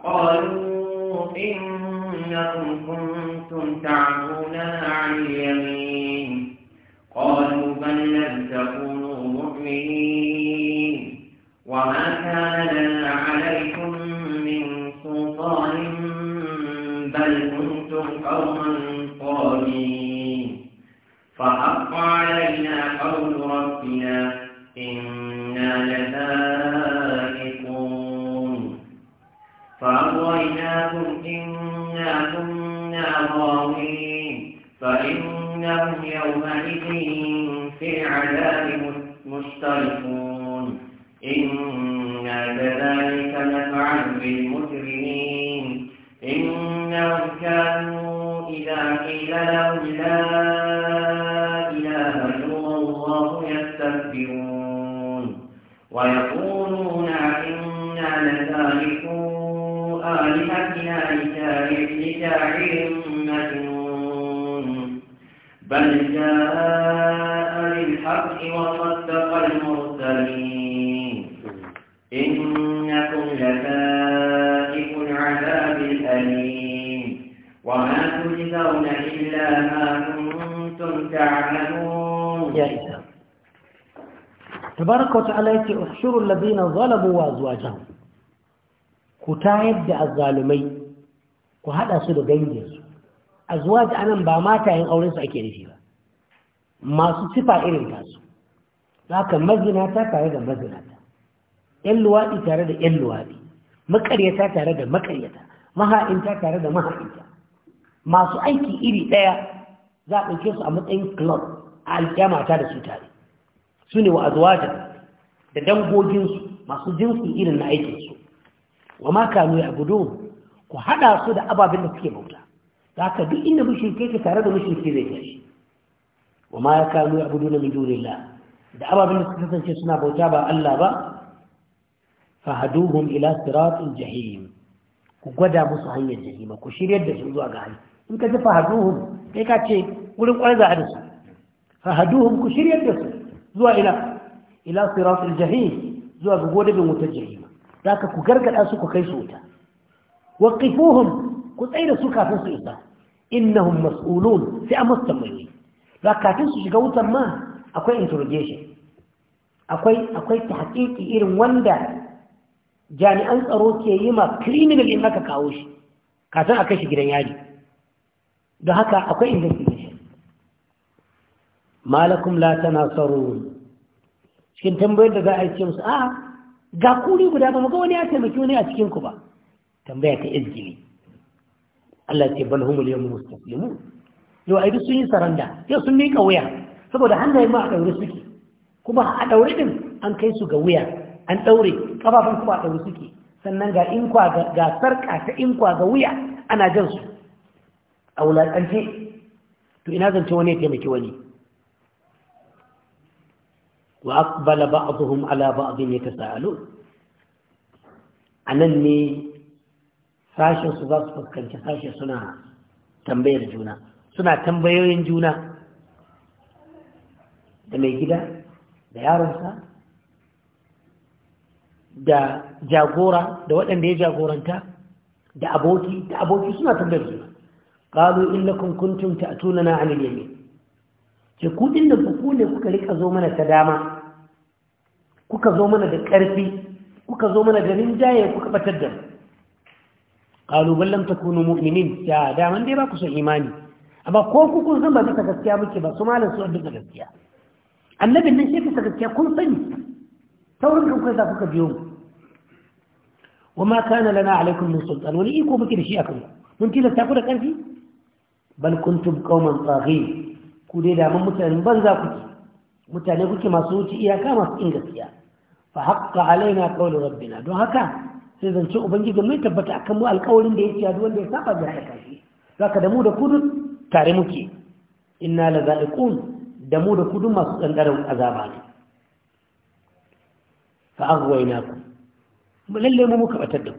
قالوا إنكم كنتم تعبون عن اليمين قالوا بل لم تكونوا مؤمنين وما كان لنا عليكم من سلطان بل كنتم قوما طاغين فحق علينا أغويناكم إنا كنا ظالمين فإنهم يومئذ في العذاب مشتركون بل جاء بالحق وصدق المرسلين إنكم لذائق العذاب الأليم وما تجزون إلا ما كنتم تعملون تبارك وتعالى احشروا الذين ظلموا وأزواجهم ku tayar وهذا azzalumai ku da anan ba matayen aurensu su ake nufi ba masu sifa irin tasu haka mazinata tare da mazinata yan luwaɗi tare da yan luwaɗi makaryata tare da makaryata maha'inta tare da maha'inta masu aiki iri ɗaya za a ɗauke su a matsayin club a alƙyama ta da su tare su ne wa azwajan da dangoginsu masu jinsi irin na aikinsu wa ma kanu ya abudu ku haɗa su da ababen da suke bauta haka duk inda mushrike ke tare da mushrike zai tashi wa ma yakanu ya'buduna min dunillah da ababen da suka kasance suna bauta ba Allah ba fahaduhum ila siratil jahim ku gwada musu hanyar jahima ku shiryar da su zuwa ga hanyar in ka ji fa fahaduhum kai ka ce wurin kwarza a da su fahaduhum ku shiryar da su zuwa ila ila siratul jahim zuwa ga godabin wutar jahima ka ku gargada su ku kai su wuta waqifuhum ku tsaida su kafin su isa innahum mas'ulun sai a masu tambayoyi ba kafin su shiga wutan ma akwai interrogation akwai akwai tahqiqi irin wanda jami'an tsaro ke yi ma criminal in aka kawo shi kafin a kai shi gidan yari. don haka akwai investigation malakum la tanasarun cikin tambayar da za a yi ce musu a ga kuri guda ba mu ga wani ya taimaki wani a cikin ku ba tambaya ta izgili Allah ce bal humul yawm mustaslimun yau ai duk sun yi saranda yau sun mika wuya saboda hannayen ma a daure suke kuma a daure din an kai su ga wuya an daure kafafun kuma a daure suke sannan ga inkwa ga sarka ta inkwa ga wuya ana jan su a wulaƙance to ina zance wani ya taimaki wani wa aqbala ba'dhum ala ba'dhin yatasaalun anan ne sashen su za su fuskanci sashe suna tambayar juna suna tambayoyin juna da mai gida da yaronsa da jagora da waɗanda ya jagoranta da aboki da aboki suna tambayar juna ƙalu innakum kuntum na 'anil yamin ce ku da ku ne kuka rika zo mana ta dama kuka zo mana da ƙarfi kuka zo mana da rinjaye kuka batar da mu qalu bal lam takunu mu'minin ya da man dai ba ku san imani amma ko ku kun san ba bisa gaskiya muke ba su malam su bisa gaskiya Annabi ne shi bisa gaskiya kun sani taurin kan kai da kuka biyo mu wa ma kana lana alaikum min sultan wani iko muke da shi a ku mun tilasta ku da karfi bal kuntum qauman taghin ku dai da mun mutanen banza kuke mutane kuke masu wuce iyaka masu in gaskiya fa haqqa alaina qawlu rabbina don haka sai zance ubangiji mai tabbata akan mu alƙawarin da yake duk wanda ya saba da haka kashi zaka da mu da kudu tare muke inna la zaliqun da mu da kudu masu dandaran azaba ne fa aghwaynakum lalle mu muka batar da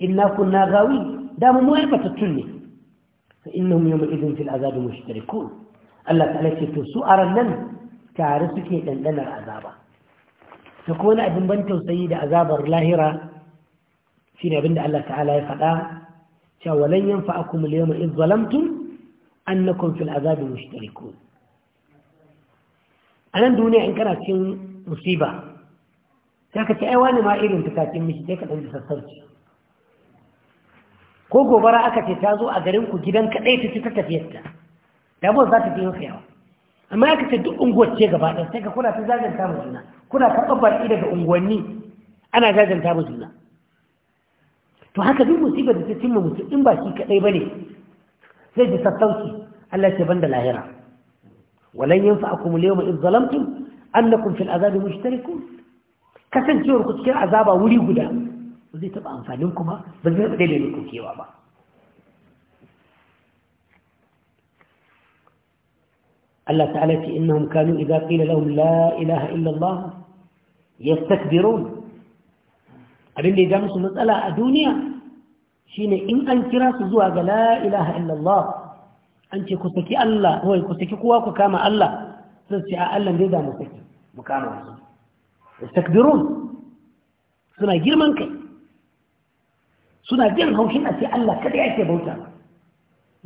inna kunna gawi da mu mai batattun ne fa innahum yawma idhin fil azab mushtarikun Allah ta'ala ce to su aran nan tare suke dandanar azaba to kuma wani abin ban tausayi da azabar lahira shine abinda Allah ta'ala ya faɗa cewa walan yanfa'akum al-yawma idh zalamtum annakum fil azabi mushtarikun anan duniya in kana cikin musiba sai ka ce ai wani ma irin ta kacin mishi sai ka dan da ko gobara aka ce ta zo a garin ku gidan kadai ta ci ta tafiyarta damuwar za ta fi maka yawa amma aka ce duk unguwar ce gaba ɗaya sai ka kuna ta zaganta mu juna kuna karɓar baki daga unguwanni ana zaganta mu juna to haka duk musibar da ta cimma mutum in ba shi ba ne. zai ji sassauci Allah ce banda lahira walan yanfa'akum al-yawma idh zalamtum annakum fil azabi mushtarikun kasancewar ku cikin azaba wuri guda zai taba amfanin kuma ba zai taba daidai ku kewa ba Allah ta'ala ce innahum kanu idza qila lahum la ilaha ya Allah abin da ya ja musu matsala a duniya shine in an kira su zuwa ga la'ilaha illallah an ce ku saki Allah wai ku saki kowa ku kama Allah sun ce a Allah dai da mu saki mu kama wasu. istakbirun suna girman kai suna jin haushin a ce Allah kada yake bauta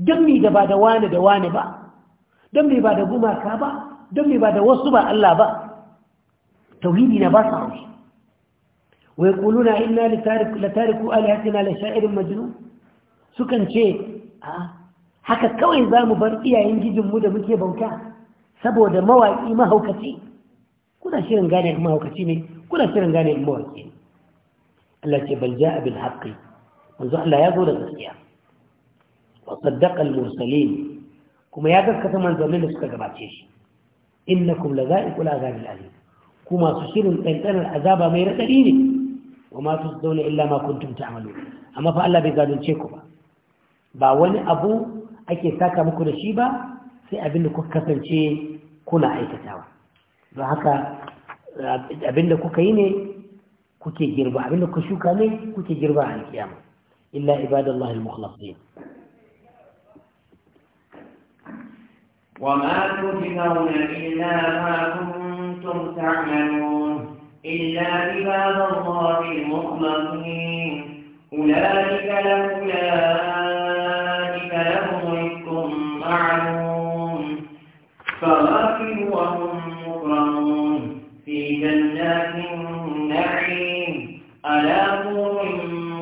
don mi da ba da wani da wani ba don mi ba da gumaka ba don mi ba da wasu ba Allah ba tauhidi na ba su haushi ويقولون إنا لتاركوا آلهتنا لشاعر مجنون sukan ce haka kawai za mu bar iyayen gijinmu da muke bauta saboda mawaƙi mahaukaci kuna shirin gane in mahaukaci ne kuna shirin gane in mawaƙi Allah ce bal ja'a bil haqqi manzo Allah ya zo da gaskiya wa saddaqa al mursalin kuma ya gaskata manzannin da suka gabace shi innakum la za'iqul azab al alim kuma su shirin tsantsanar azaba mai radadi ne وما تصدون إلا ما كنتم تعملون أما فألا بذلك الشيكوبا باواني أبو أكي ساكا مكو أبنو سيأبنكو كثن شي كنا أي كتاوا وحكا أبنكو كيني كتي جربا كشوكا شوكاني كوكي جربا عن كياما إلا عباد الله المخلصين وما تفنون إلا ما كنتم تعملون إلا عباد الله المخلصين أولئك لهم أولئك لهم رزق معلوم فغافل وهم مكرمون في جنات النعيم ألا قوم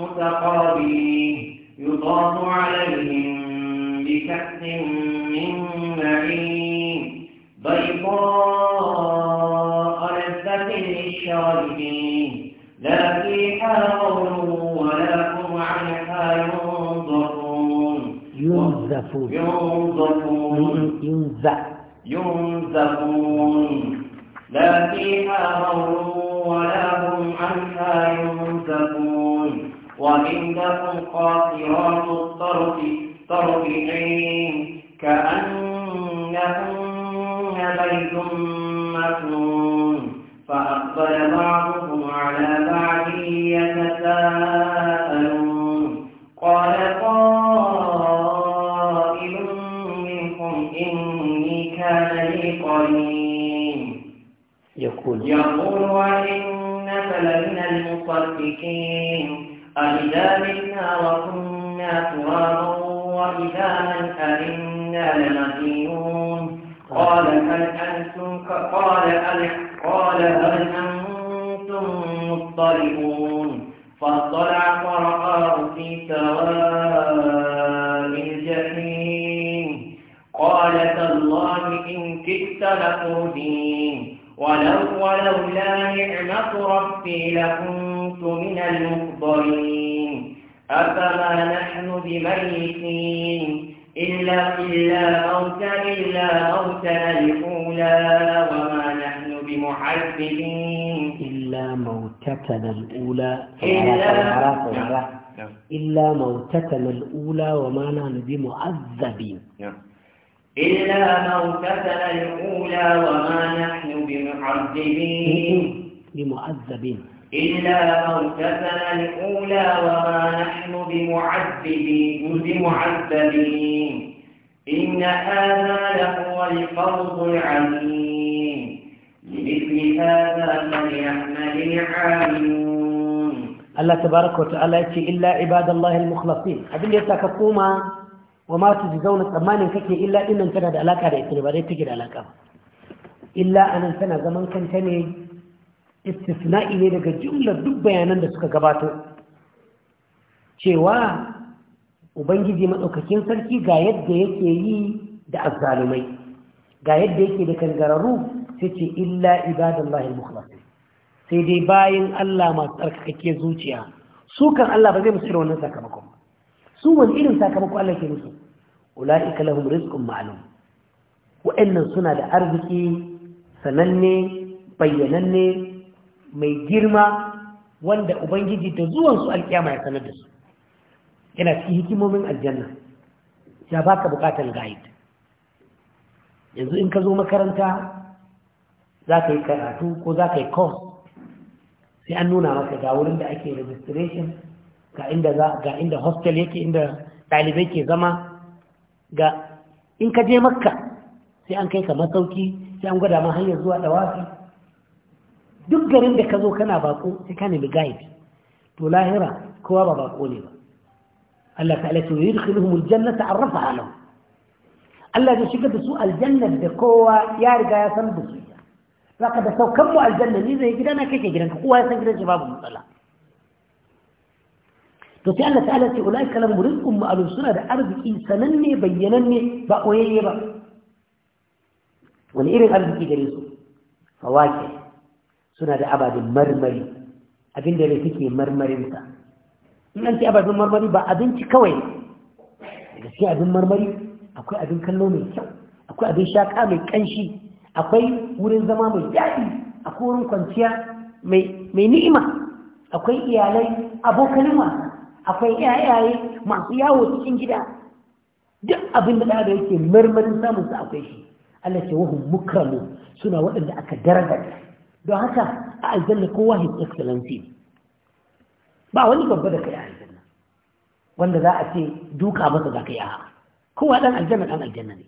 متقابلين يطاف عليهم بكأس لا فيها قول ولا هم عنها ينظفون ينزفون ينظفون ينزفون لا فيها قول ولا هم عنها ينزفون وعندهم قاصرات الطرف طرف عين كأنهن بيت مكنون فأقبل بعضهم يقول يقول وإنك لمن المصدقين أبذلك موتتنا الأولى وما نحن بمعذبين نعم. إلا موتتنا الأولى وما نحن بمعذبين بمعذبين إلا موتتنا الأولى وما نحن بمعذبين بمعذبين إن هذا لهو الفرض العظيم لمثل هذا فليعمل العاملون Allah tabaraka wata'ala ya ce illa ibadallahi mukhlasin abin da yasa ka koma wa ma tujzauna tsammanin kake illa dinnan tana da alaka da ita ba dai take da alaka ba illa anan tana zaman kanta ne istisna'i ne daga jumlar duk bayanan da suka gabato cewa ubangiji madaukakin sarki ga yadda yake yi da azzalumai ga yadda yake da kangararru sai ce illa ibadallahi al-mukhlasin sai dai bayan Allah masu tsarkake zuciya su kan Allah ba zai musu irin wannan sakamakon ba su wani irin sakamakon Allah ke musu ka lahum rizqun ma'lum wa'annan suna da arziki sananne bayyananne mai girma wanda ubangiji da zuwan su alkiyama ya sanar da su yana cikin hikimomin aljanna ya baka bukatar guide yanzu in ka zo makaranta za ka yi karatu ko za ka yi course sai an nuna maka ga wurin da ake registration ga inda za ga inda hostel yake inda ɗalibai ke zama ga in ka je makka sai an kai ka masauki sai an gwada ma hanyar zuwa dawafi duk garin da ka zo kana bako sai ka nemi guide to lahira kowa ba bako ne ba Allah ta'ala ce yudkhiluhum aljannata arrafa lahum Allah ya shigar da su aljanna da kowa ya riga ya san da zaka da saukan mu aljanna ni zai gidana kake gidanka kowa ya san gidan shi babu matsala to sai Allah ta'ala ce ulai kalam rizqum ma'lum suna da arziki sananne bayyananne ba koyayye ba wani irin arziki gare su fawake suna da abadin marmari abin da rai suke marmarin ta in an ce abadin marmari ba abinci kawai da gaskiya abin marmari akwai abin kallo mai kyau akwai abin shaka mai kanshi akwai wurin zama mai daɗi akwai wurin kwanciya mai ni'ima akwai iyalai abokanin wasa akwai yayaye masu yawo cikin gida duk abin da ɗaga yake marmarin samun su akwai shi Allah ce wahun mukramu suna waɗanda aka daraja don haka a aljanna kowa his excellency ba wani babba da kai a aljanna wanda za a ce duka masa za ka yi kowa ɗan aljanna ɗan aljanna ne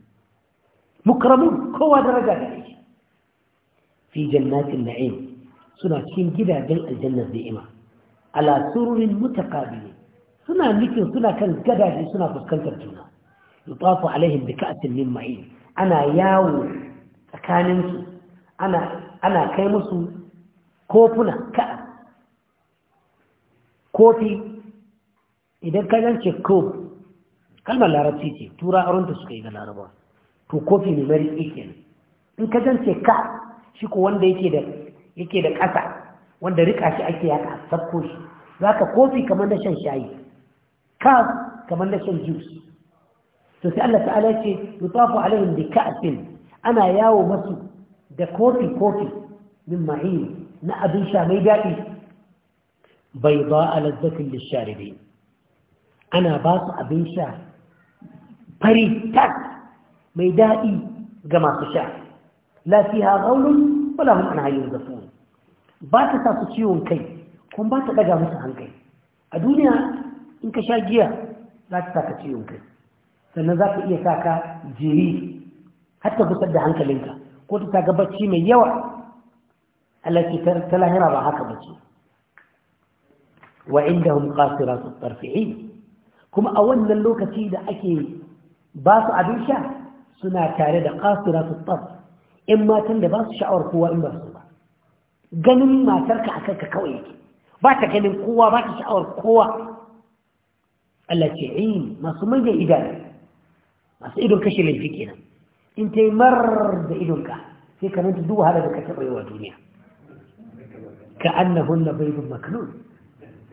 mukramun kowa daraja da shi fi jannatin na'im suna cikin gidajen aljannar ni'ima ala sururin mutakabili suna nufin suna kan gadaje suna fuskantar juna yutafu alaihim bi ka'sin min ma'in ana yawo tsakanin su ana ana kai musu kofuna ka kofi idan ka zance kof kalmar larabci ce tura da suka yi ga larabawa to kofi ne mari yake in ka jance ka shi ko wanda yake da ƙasa wanda rika shi ake yaka a sabko shi za ka kofi kamar da shan shayi ka kamar da shan juice to sai Allah ta'ala ce yutafu alaihim bi ka'sin ana yawo masu da kofi kofi min ma'in na abin sha mai daɗi bai ba a lazzatin ana ba su abin sha fari tak mai daɗi ga masu sha lafiya gaulun wala hun ana hayyar zafu ba ta sa su ciwon kai kuma ba ta daga musu hankali a duniya in ka sha giya za ta saka ciwon kai sannan za ka iya saka jiri har ta kusa da hankalinka ko ta saka bacci mai yawa alaƙi ta lahira ba haka bacci wa inda hun ƙasira su kuma a wannan lokaci da ake ba su abin sha suna tare da ƙasura su tsar ‘yan matan da ba su sha'awar kowa in ba su ba ganin matarka a kanka kawai yake ba ta ganin kowa ba ta sha'awar kowa Allah ce yi masu manyan idanu masu idon kashe laifi kenan in ta yi marar da idonka sai ka manta duk wahala da ka taɓa yi wa duniya ka annahun na baibin makanun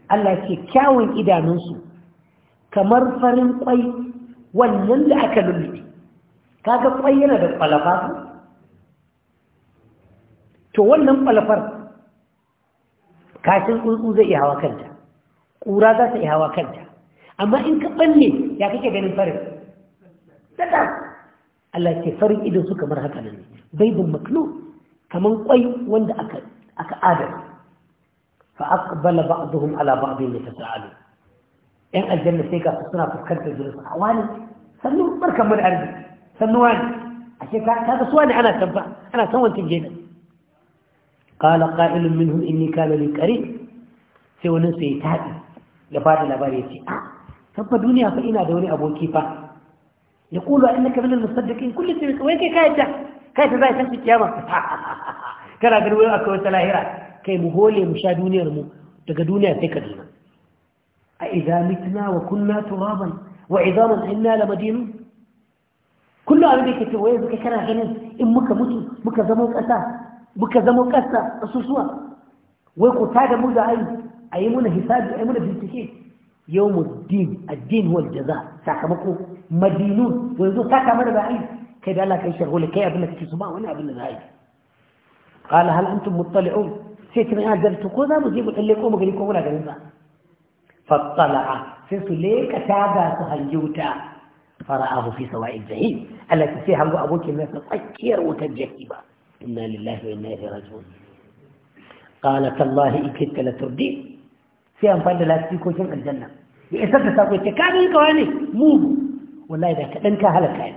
Allah ce kyawun idanunsu kamar farin kwai wannan da aka kaga kwai yana da kwalafa to wannan kwalafar kashin tsuntsu zai iya hawa kanta ƙura za ta iya hawa kanta amma in ka ɓanne ya kake ganin farin daga Allah ce farin idan su kamar haka nan baibin maklo kamar kwai wanda aka adana fa aqbala ba'dhum ala ba'dhin yatasaalu yan aljanna sai ka suna fuskantar juna a wani sannu barkan mu arziki سنوان عشان هذا سؤالي أنا تبع أنا سوّن تجينا قال قائل منهم إني كان لي كريم سوى نسي تاتي لبعض الأباريسي تبا آه. دوني أفئنا دوري أبو كيفا يقول أنك من المصدقين كل سنة وين كي كايتا كيف بقى سنة الكيامة كرا قلوا أكا وسلاهرا كي مهولي مشا دوني أرمو تقا دوني أفئك دوني أئذا متنا وكنا ترابا وعظاما إنا لمدينون كل أبي بك توي بك كنا هنا إم مك موت مك زمو كسا مك زمو كسا أسوسوا ويكو تاج مودا أي أي من حساب أي من بنتكي يوم الدين الدين هو الجزاء ساكمكو مدينون ويزو ساكمنا بعيد كيف الله كي يشغل كي أبنا تسمع وأنا أبنا هاي قال هل أنتم مطلعون سيتم أنزل تقولا مزيب عليكم وغيركم ولا جنبا فطلع سيسليك تابع سهل يوتا فرآه في سواء الجحيم التي فيها أبوك ما تطير وتجهب إنا لله وإنا إليه راجعون قال تالله إن كدت لتردين في أنفال لا تكون الجنة بإسرة تقول تكامل كواني موب والله إذا كان كهلك يعني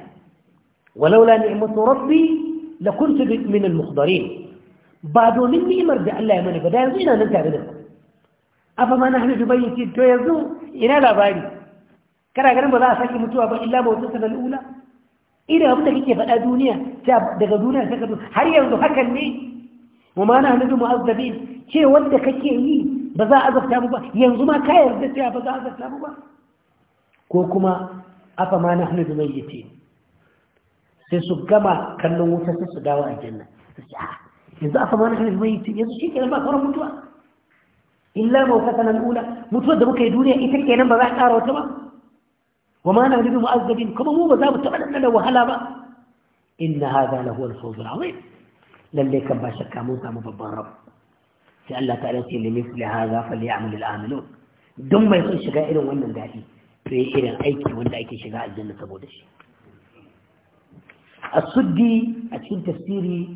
ولولا نعمة ربي لكنت من المخضرين بعد من مرجع الله يمني بدأ يزينا ننتهي بذلك أفما نحن جبيتين تو يزنو إنا لا باري kana ganin ba za a sake mutuwa ba illa bautar sa ula irin abin da kake faɗa duniya daga duniya ta kadu har yanzu hakan ne wa ma na mu mu'azzabin ce wanda kake yi ba za a azabta mu ba yanzu ma ka yarda cewa ba za a azabta mu ba ko kuma afa ma na hannu da yace sai su gama kallon wuta sai su dawo a janna ah, yanzu afa ma na hannu da yace yanzu shi kenan ba sauran mutuwa illa mawkatan al'ula mutuwar da muka yi duniya ita kenan ba za a ƙara wata ba wa na nahnu mu'azzabin kuma mu ba za mu taɓa da wahala ba inna hadha huwa al-fawz al-azim lalle kan ba shakka mun samu babban rab sai Allah ta dace li mithli hadha falyamal al-amilun don mai son shiga irin wannan dadi to yi irin aiki wanda ake shiga aljanna saboda shi as-suddi a cikin tafsiri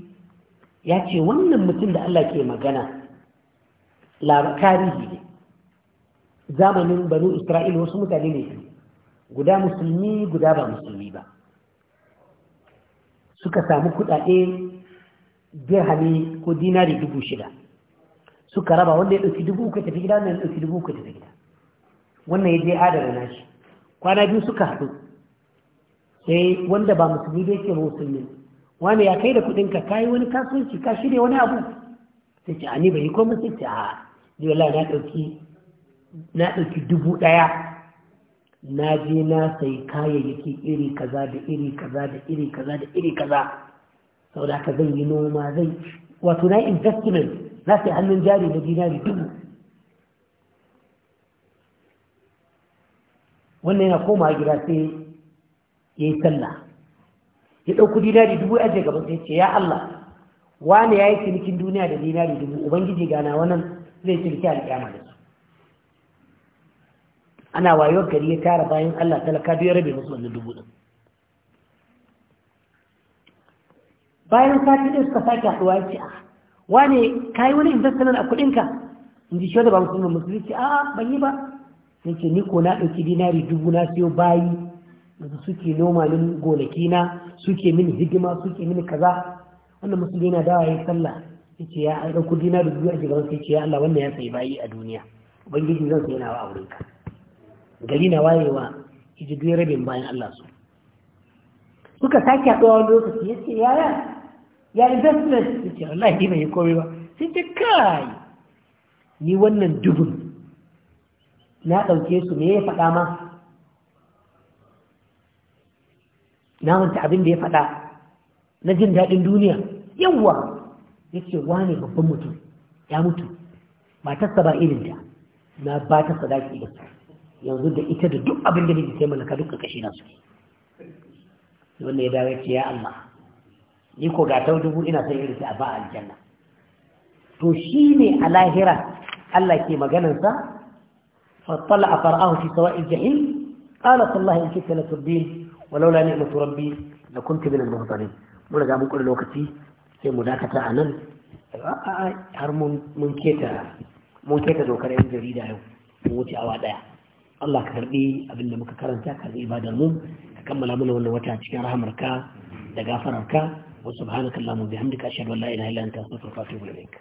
ya ce wannan mutum da Allah ke magana labari ne zamanin banu Isra'ila wasu mutane ne guda musulmi guda ba musulmi ba suka samu kudade dirhami ko dinari dubu shida suka raba wanda ya ɗauki dubu uku tafi gida wanda ya ɗauki dubu uku tafi gida wannan ya je adana nashi kwana biyu suka haɗu sai wanda ba musulmi da yake musulmi wani ya kai da kuɗinka ka yi wani kasuwanci ka shirya wani abu sai ce a ni bai yi komai sai ce a ni wallahi na dauki na ɗauki dubu ɗaya na je na sai kayayyaki iri kaza da iri kaza da iri kaza da iri kaza sau da aka zan yi noma zai wato na investment na sai hannun jari na dinari dubu wannan yana koma gida sai ya yi sallah ya ɗauku dinari dubu je gaban sai ce ya Allah wani ya yi cinikin duniya da dinari dubu ubangiji gana wannan zai ciniki alƙyama da su ana wayewar gari ya tara bayan Allah talaka duk ya rabe musu wannan dubu ɗin. bayan sati ɗin suka sake haɗuwa ya ce ah, wa ne ka yi wani investment a kuɗinka in ji shi wadda ba wani musulmi ce a ban yi ba sai ce ni ko na ɗauki dinari dubu na siyo bayi da suke noma min gonaki na suke mini hidima suke mini kaza wannan musulmi na dawa ya sallah ya ce ya ɗauko dinari dubu a jigaban sai ce ya Allah wannan ya sayi bayi a duniya ubangiji zan sayi nawa a wurinka gari na wayewa iji rabin bayan Allah su suka sake haɗuwa wani lokaci ya ce yaya ya investment ya ce Allah ya bai ya komai ba sun ce kai ni wannan dubun na ɗauke su me ya faɗa ma na manta abin da ya faɗa na jin daɗin duniya yawwa ya ce ne babban mutum ya mutu Ba matarsa ba irinta na ba ta sadaki da yanzu da ita da duk abin da ne sai malaka duk kashi na suke wanda ya dawo ce ya Allah ni ko ga tau dubu ina son irin a ba aljanna to shi ne a lahira Allah ke maganarsa fattala a fara'ahu fi sawa'il jahil qala sallahi in kitta la turbin walaula ni'matu rabbi la kuntu min al-muhtarin mun riga mun kula lokaci sai mu dakata a nan har mun keta mun keta dokar yan jarida yau mu wuce awa daya Allah ka karɓi abin da muka karanta ka zai ibadar mu ka kammala mana wannan wata cikin rahamarka da gafararka wa subhanakallahumma bihamdika ashhadu an la ilaha illa anta astaghfiruka wa atubu ilaik